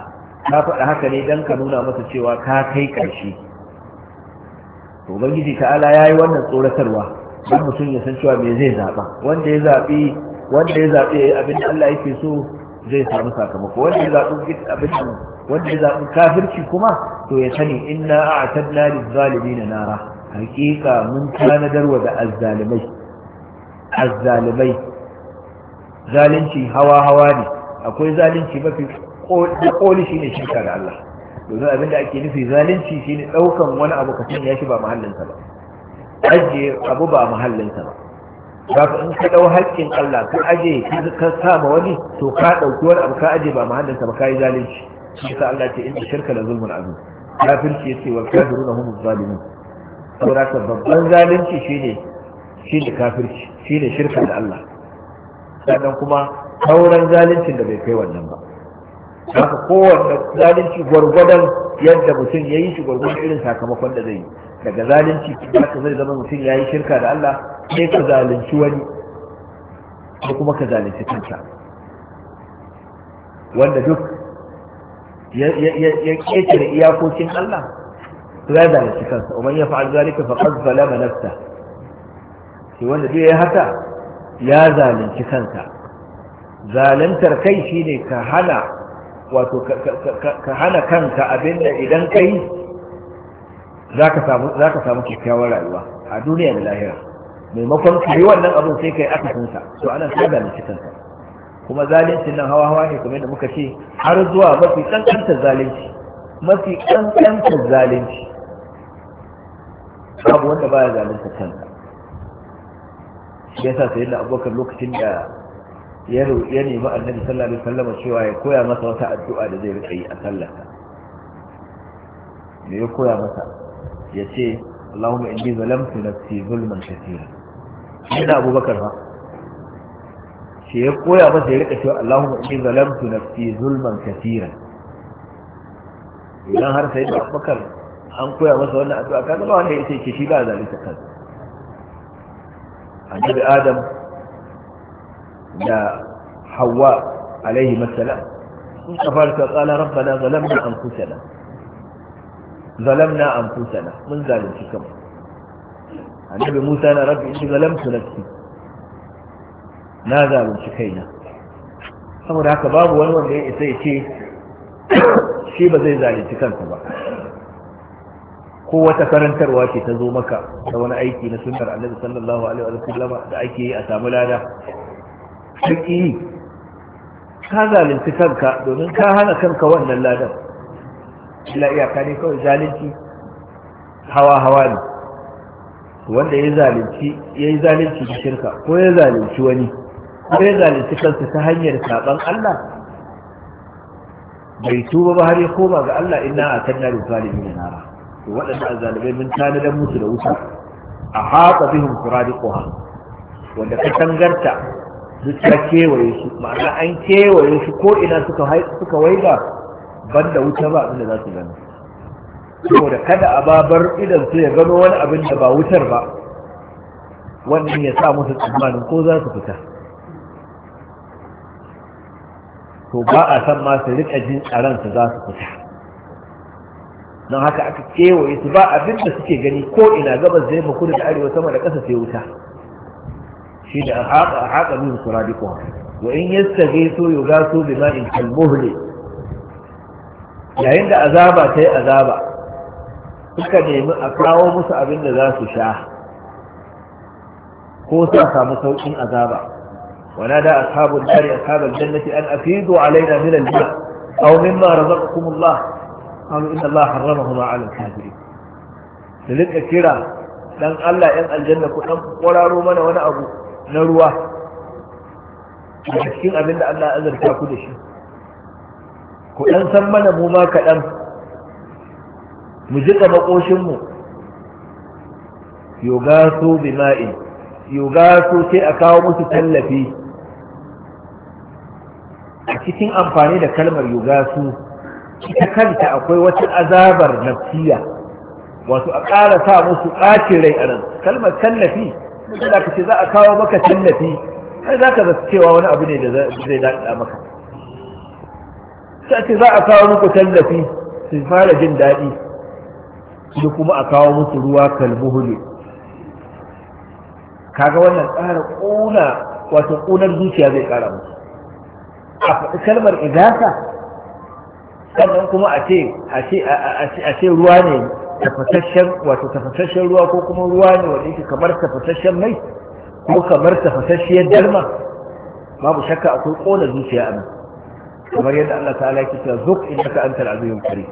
ka faɗa haka ne dan ka nuna masa cewa ka kai ƙarshe to ubangiji ta'ala yayi wannan tsoratarwa don mutum ya san cewa me zai zaɓa wanda ya zaɓi wanda ya zaɓi abin da Allah yake so zai samu sakamako wanda ya zaɓi abin da wanda ya zaɓi kafirci kuma to ya sani inna a'tadna lizzalimina nara hakika mun tanadar wa da azzalimai azzalimai zalunci hawa hawa ne akwai zalunci mafi koli shine shirka da Allah domin abin da ake nufi zalunci shine daukan wani abu ka ya shi ba mahallinsa ba ajiye abu ba muhallinsa ba ba ka in ka dau haƙƙin Allah ka aje ka sa ma wani to ka dauki wani abu ka aje ba muhallinsa ba kai zalunci shi sa Allah ce inna shirka la zulmun azim kafirci yace wal kafiruna humuz zalimun saboda ka babban zalunci shine shine kafirci shine shirka da Allah sannan kuma sauran zaluncin da bai kai wannan ba haka kowanne zalunci gwargwadon yadda mutum ya yi shi gwargwadon irin sakamakon da zai yi daga zalunci haka zai zama mutum ya yi shirka da Allah sai ka zalunci wani ko kuma ka zalunci kanka wanda duk ya ƙetare iyakokin Allah ya zalunci kansa umar ya fa'al zalika faqad zalama nafsa shi wanda duk ya haka ya zalunci kansa zaluntar kai shine ka hana wato ka hana kanka abinda idan ka yi za ka samu kyakkyawar rayuwa a duniya da lahira maimakon ka yi wannan abin sai ka yi akasinsa to ana sai zalunci kanka kuma zalincin nan hawa hawa ne kuma yadda muka ce har zuwa mafi kankantar zalunci mafi kankantar zalunci babu wanda baya zalunta kanka shi yasa sai da abokan lokacin da ya nemi annabi sallallahu alaihi wasallam cewa ya koya masa wata addu'a da zai rika yi a sallarsa me ya koya masa ya ce Allahumma inni zalamtu nafsi zulman kathira ina Abubakar ba? shi ya koya masa ya rika cewa Allahumma inni zalamtu nafsi zulman kathira idan har sai da Abubakar an koya masa wannan addu'a kaga ba wanda ya ce shi ba zalunta kansa annabi Adam da hawa alaihi masalam sun kafar ta tsala rabbana zalamna anfusana zalamna anfusana mun zalunci kama. annabi Musa na rabbi inni zalamtu nafsi na zalunci kaina saboda haka babu wani wanda ya isa ya ce shi ba zai zalunci kansa ba ko wata karantarwa ce ta zo maka da wani aiki na sunnar annabi sallallahu alaihi wa sallam da ake yi a samu lada yi ka zalunci kanka domin ka hana kanka wannan ladan illa iyaka ne kawai zalunci hawa-hawa ne wanda ya zalunci ya yi zalunci da shirka ko ya zalunci wani ko ya zalunci kansa ta hanyar saban Allah bai tuba ba har ya koma ga Allah inna a tanna da na nara to waɗanda a zalibai mun tanadan musu da wuta a haƙa bihim quradiquha wanda ka tangarta zuciya kewaye su ma'ana an kewaye su ko ina suka suka waiga da wuta ba abinda za su gani saboda kada a babar idan su ya gano wani abin da ba wutar ba wannan ya sa musu tsammanin ko za su fita to ba a san ma su rika jin tsaron su za su fita don haka aka kewaye su ba abin da suke gani ko ina gabas zai kudu da arewa sama da ƙasa sai wuta shi da haƙa haƙa min suradiqu wa in yastaghisu yughasu bima'in kalmuhli yayin da azaba yi azaba suka nemi a kawo musu abin da za su sha ko sa samu saukin azaba ونادى أصحاب النار أصحاب الجنة أن أفيدوا علينا من الماء أو مما رزقكم الله قالوا إن a حرمهما على الكافرين لذلك كيرا Allah, 'yan aljanna, ku كنت قراروا mana wani abu. na ruwa a cikin abin da Allah azarta ku da shi ku ɗan san mana mu ma kaɗan mu jiƙa maƙoshinmu yoga so ma'i yoga so sai a kawo musu tallafi a cikin amfani da kalmar yoga su ita kanta akwai wata azabar nafsiya wato a ƙara sa musu ƙacin rai a nan kalmar tallafi da ka ce za a kawo maka tallafi har za ka zata cewa wani abu ne da zai daɗa maka sai ce za a kawo muku tallafi su fara jin daɗi su kuma a kawo musu ruwa kalmuhuli kaga wannan ƙara ƙuna wato ƙunar zuciya zai ƙara musu a faɗi kalmar igasa sannan kuma a ce ruwa ne tafasashen wato tafasashen ruwa ko kuma ruwa ne wanda yake kamar tafasashen mai ko kamar tafasashiyar dalma babu shakka akwai kona zuciya a nan kamar yadda Allah ta'ala yake cewa zuq innaka antal azizul karim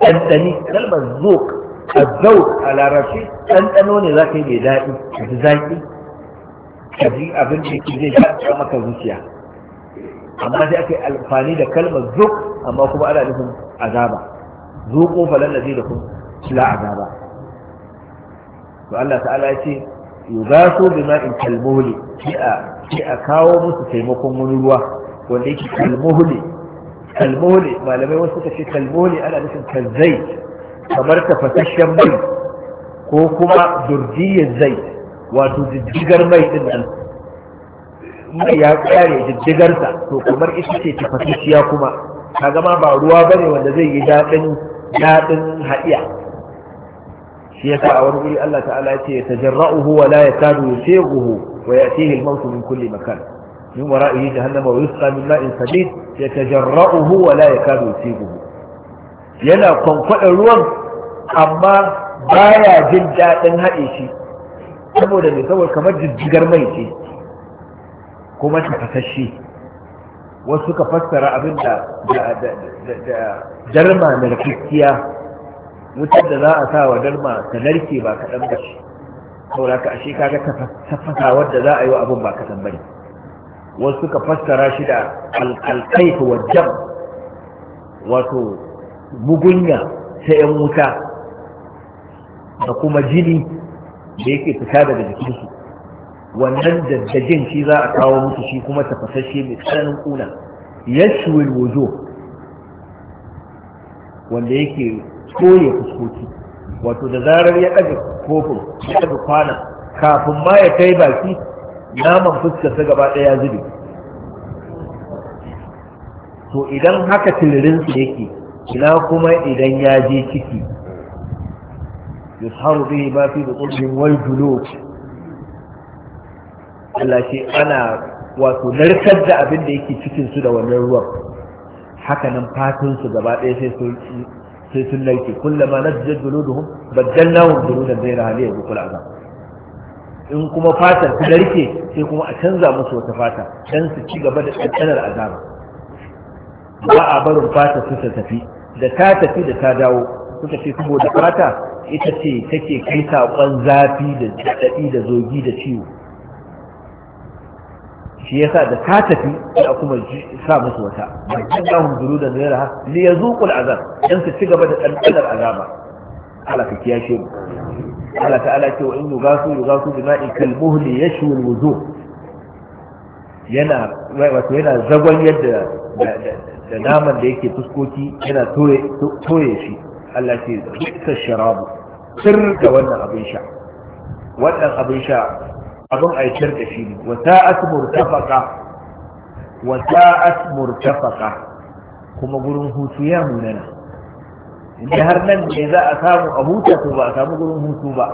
dandani kalmar zuq azzauq a larabci dandano ne za ka yi mai daɗi ka ji zaƙi ka abin da yake zai shaɗa maka zuciya amma sai aka yi amfani da kalmar zuq amma kuma ana nufin azaba zuqo falan zai da kuma la azaba to Allah ta'ala ya ce yugasu bima'in kalmuhli sai sai a kawo musu taimakon wani ruwa wanda yake kalmuhli kalmuhli malamai wasu suka ce kalmuhli ana nufin kanzai kamar tafasasshen mai ko kuma zai wato mai nan mai ya kare jiddigarsa to kamar ita ce tafasasshiya kuma Ta gama ba ruwa bane wanda zai yi daɗin daɗin haɗiya yasa a wani guri Allah ta'ala ya ce ya tajarra'uhu wa la yakadu yusighuhu wa yatihi al-maut min kulli makan min wara'ihi jahannama wa yusqa min ma'in sadid yatajarra'uhu wa la yakadu yusighuhu yana kwankwada ruwan amma baya jin dadin haɗe shi saboda mai saboda kamar jijjigar mai ce kuma tafasashe wasu ka fassara abin da jarma da rikikkiya wutar da za a sa wa darma ta narke ba kaɗan ba ce saboda ka ashe kaga fasa wadda za a yi wa abin ba kaɗan ba ne wasu suka fassara shi da alƙaifu wa jam wato mugunya ta ‘yan wuta da kuma jini da yake fita daga jikinsu wannan daddajin shi za a kawo musu shi kuma tafasasshe mai tsananin ƙuna yashwil wujo wanda yake koye fuskoki wato da zarar ya ɗaga kofin ya ɗaga kwana kafin ma ya kai baki naman fuskar ta gaba ɗaya zube to idan haka su yake ina kuma idan ya je ciki yusharu bihi ba fi butunin wal Allah ana wato narkar da abin da yake cikin su da wannan ruwan haka nan fatan gaba ɗaya sai sun sai sun laifi kullama najjat juluduhum baddalnahum juludan ghayra haliya yaqul azab in kuma fatar ta narke sai kuma a canza musu wata fata dan su ci gaba da tsantsanar azaba ba a barin fata su ta tafi da ta tafi da ta dawo suka ce da fata ita ce take kai saƙon zafi da daɗi da zogi da ciwo shi yasa da ta tafi da kuma sa musu wata bakin da zurudan ghayra li yazuqul azab dan su ci gaba da ɗanɗanar azaba Allah ka kiyashe mu Allah ta'ala ce wa in yugasu yugasu bima'i kal muhli yashwi al wujuh yana wato yana zagon yadda da naman da yake fuskoki yana toye shi Allah ce ta sharabu sir da wannan abin sha wannan abin sha abin a yi da shi ne wa sa'at murtafaka wa sa'at murtafaka kuma gurin hutu ya munana inda har nan ne za a samu a huta to ba a samu gurin hutu ba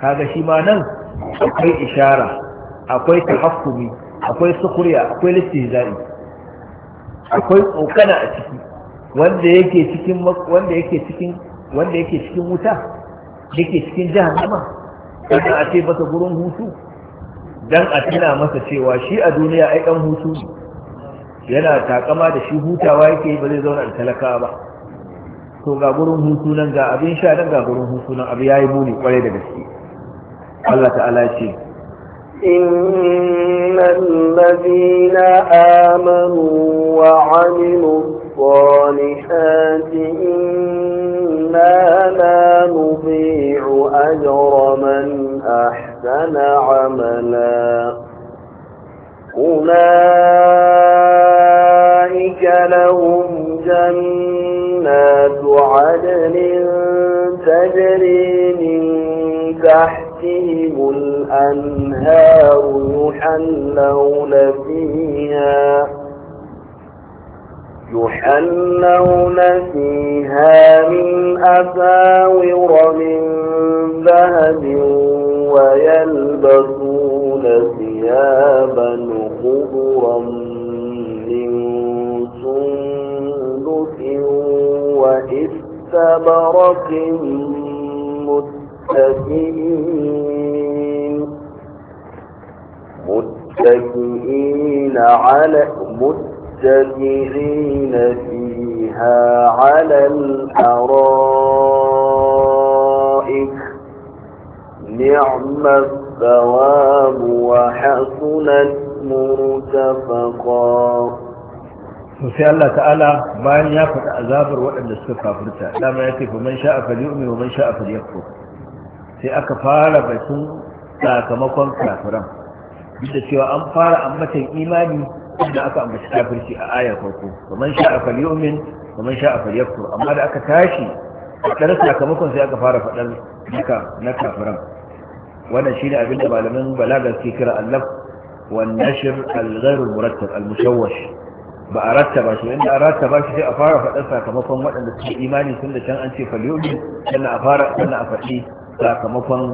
kaga shi ma nan akwai ishara akwai tahakkumi akwai sukuriya akwai listihza'i akwai tsokana a ciki wanda yake cikin wanda yake cikin wanda yake cikin wuta yake cikin jahannama kada a ce masa gurin hutu dan a tuna masa cewa shi a duniya ai dan hutu yana takama da shi hutawa yake ba zai zauna da ba to ga gurin hutu nan ga abin sha nan ga gurin hutu nan abu yayi muni kwarai da gaske Allah ta'ala ya ce إن الذين آمنوا وعملوا الصالحات إنا لا نضيع أجر وكان عملا أولئك لهم جنات عدن تجري من تحتهم الأنهار يحلون فيها يحلون فيها من أساور من ذهب ويلبسون ثيابا خضرا من سندس وإستبرق متكئين متكئين على متكئين فيها على الأرائك نعم الثواب وحسنت مرتفقا sai Allah ta'ala bayan ya faɗi azabar waɗanda suka kafirta dama ya ce fa man sha'a falyu'min wa man sha'a falyakfur sai aka fara batun sakamakon kafiran duk da cewa an fara ambatan imani da aka ambaci kafirci a ayar farko fa man sha'a falyu'min wa man sha'a falyakfur amma da aka tashi faɗar sakamakon sai aka fara faɗar na kafiran wannan shine abin da malamin balaga ke kira allaf wan nashr al al-murattab ba a rattaba shi inda a rattaba shi sai a fara faɗar sakamakon waɗanda suke imani sun da can an ce falyomi sannan a fara sannan a faɗi sakamakon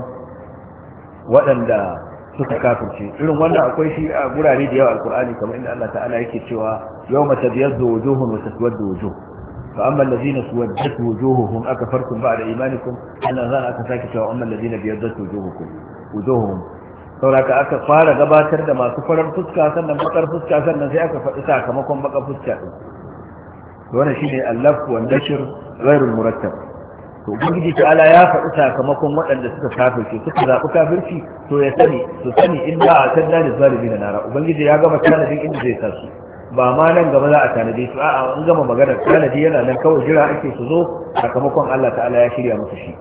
waɗanda suka kafirce irin wannan akwai shi a gurare da yawa alkur'ani kamar inda Allah ta'ala yake cewa yawma tabyaddu wujuhun wa da wujuh فأما الذين سودت وجوههم أكفرتم بعد إيمانكم أنا ذان أكفاكك وأما الذين بيضت وجوهكم وجوههم فراك أكفار غباتر دما سفر فسكا سنة مطر فسكا سنة سيأك فإساك مكم بقى فسكا وانا شيني اللف والنشر غير المرتب وبنجي تعالى يا فأسا كما كن وأن لسك كافر شيء سك ذا أكافر شيء سو يسني سو سني إن لا أعتدنا للظالمين نارا وبنجي يا قمت كان في إن زي تاسو ba ma nan gaba za a tanadi su a'a an gama maganar tanadi yana nan kawai jira ake su zo sakamakon Allah ta'ala ya shirya musu shi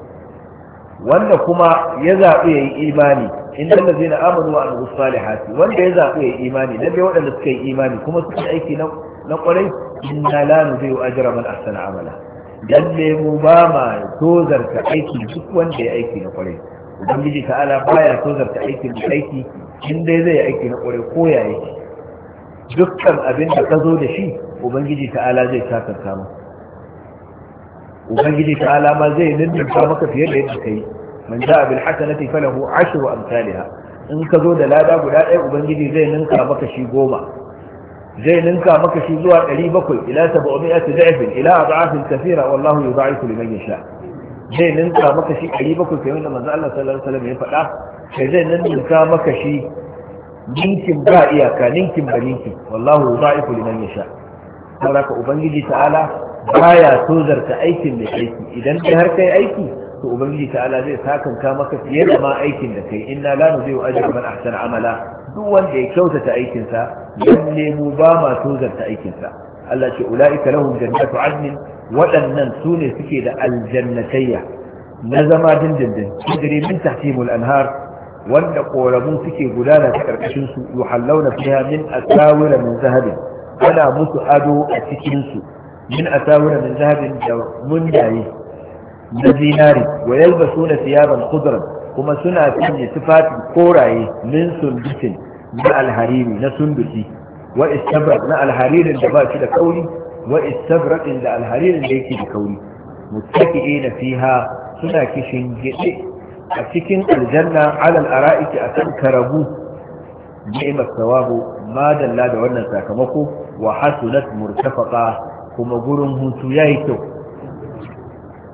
wanda kuma ya zaɓi ya yi imani in da zai na amanu wa anhu salihati wanda ya zaɓi ya yi imani dai waɗanda suka yi imani kuma suka aiki na ƙwarai inna la nudhi'u ajra man ahsana amala lalle mu ba ma tozarta aiki duk wanda ya aiki na ƙwarai ubangiji ta'ala baya tozarta aiki da aiki in dai zai aiki na ƙwarai ko ya yake dukkan abin da ka zo da shi ubangiji ta'ala zai sakarta maka ubangiji ta'ala ma zai ninninka maka fiye da yadda kai man ja'a bil hasanati falahu ashru amsalha in ka zo da lada guda ɗaya ubangiji zai ninka maka shi goma zai ninka maka shi zuwa Ɗari bakwai, ila 700 da'ifin ila adafin kathira wallahu yudha'ifu liman yasha zai ninka maka shi bakwai kamar da manzo Allah sallallahu alaihi wasallam ya faɗa Kai zai ninka maka shi ninkin ba iyaka ninkin ba ninkin wallahu da'ifu liman yasha saboda ubangiji ta'ala baya tozarta aikin da aiki idan kai har kai aiki to ubangiji ta'ala zai sakanka maka fiye da ma aikin da kai inna la zai ajra man ahsana amala duk wanda ya kyautata aikin sa ne mu ba ma tozarta aikin sa Allah ce ulaika lahum jannatu adnin waɗannan ne suke da aljannatayya na zama dindindin tajri min tahtihimul anhar wanda koramu suke gudana ta karkashin su yuhallawna fiha min asawira min zahabin ana musu ado a cikin su min asawira min zahabin da mun mundaye na zinari wa yalbasuna thiyaban khudran kuma suna sanya tufafi koraye min sundusin na alhariri na sundusi wa istabrak na alharirin da ba shi da kauri wa istabrakin da alharirin da yake da kauri mutaki'ina fiha suna kishin gide a cikin aljanna alal ara'iki a kan karabu ni'mat sawabu ma dalla da wannan sakamako wa hasunat murtafaqa kuma gurin hutu yi kyau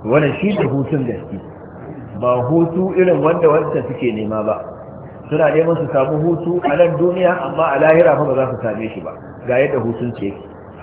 wannan shi da hutun gaske ba hutu irin wanda wanda suke nema ba suna neman su samu hutu a nan duniya amma a lahira fa ba za su same shi ba ga yadda hutun ce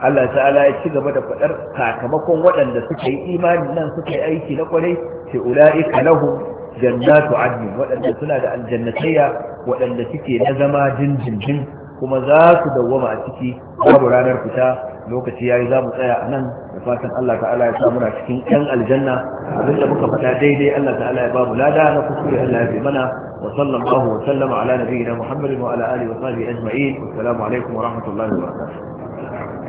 Allah ta'ala ya ci gaba da faɗar sakamakon waɗanda suka yi imani nan suka yi aiki na kwarai sai ula'ika lahum jannatu adnin waɗanda suna da aljannatayya waɗanda suke na zama jinjinjin kuma za su dawwama a ciki babu ranar fita lokaci yayi za mu tsaya a nan da fatan Allah ta'ala ya samu muna cikin yan aljanna abin da muka faɗa daidai Allah ta'ala ya babu lada na kuskure Allah ya bi mana wa sallallahu wa sallama ala nabiyyina Muhammadin wa ala alihi wa sahbihi ajma'in assalamu alaikum wa rahmatullahi wa barakatuh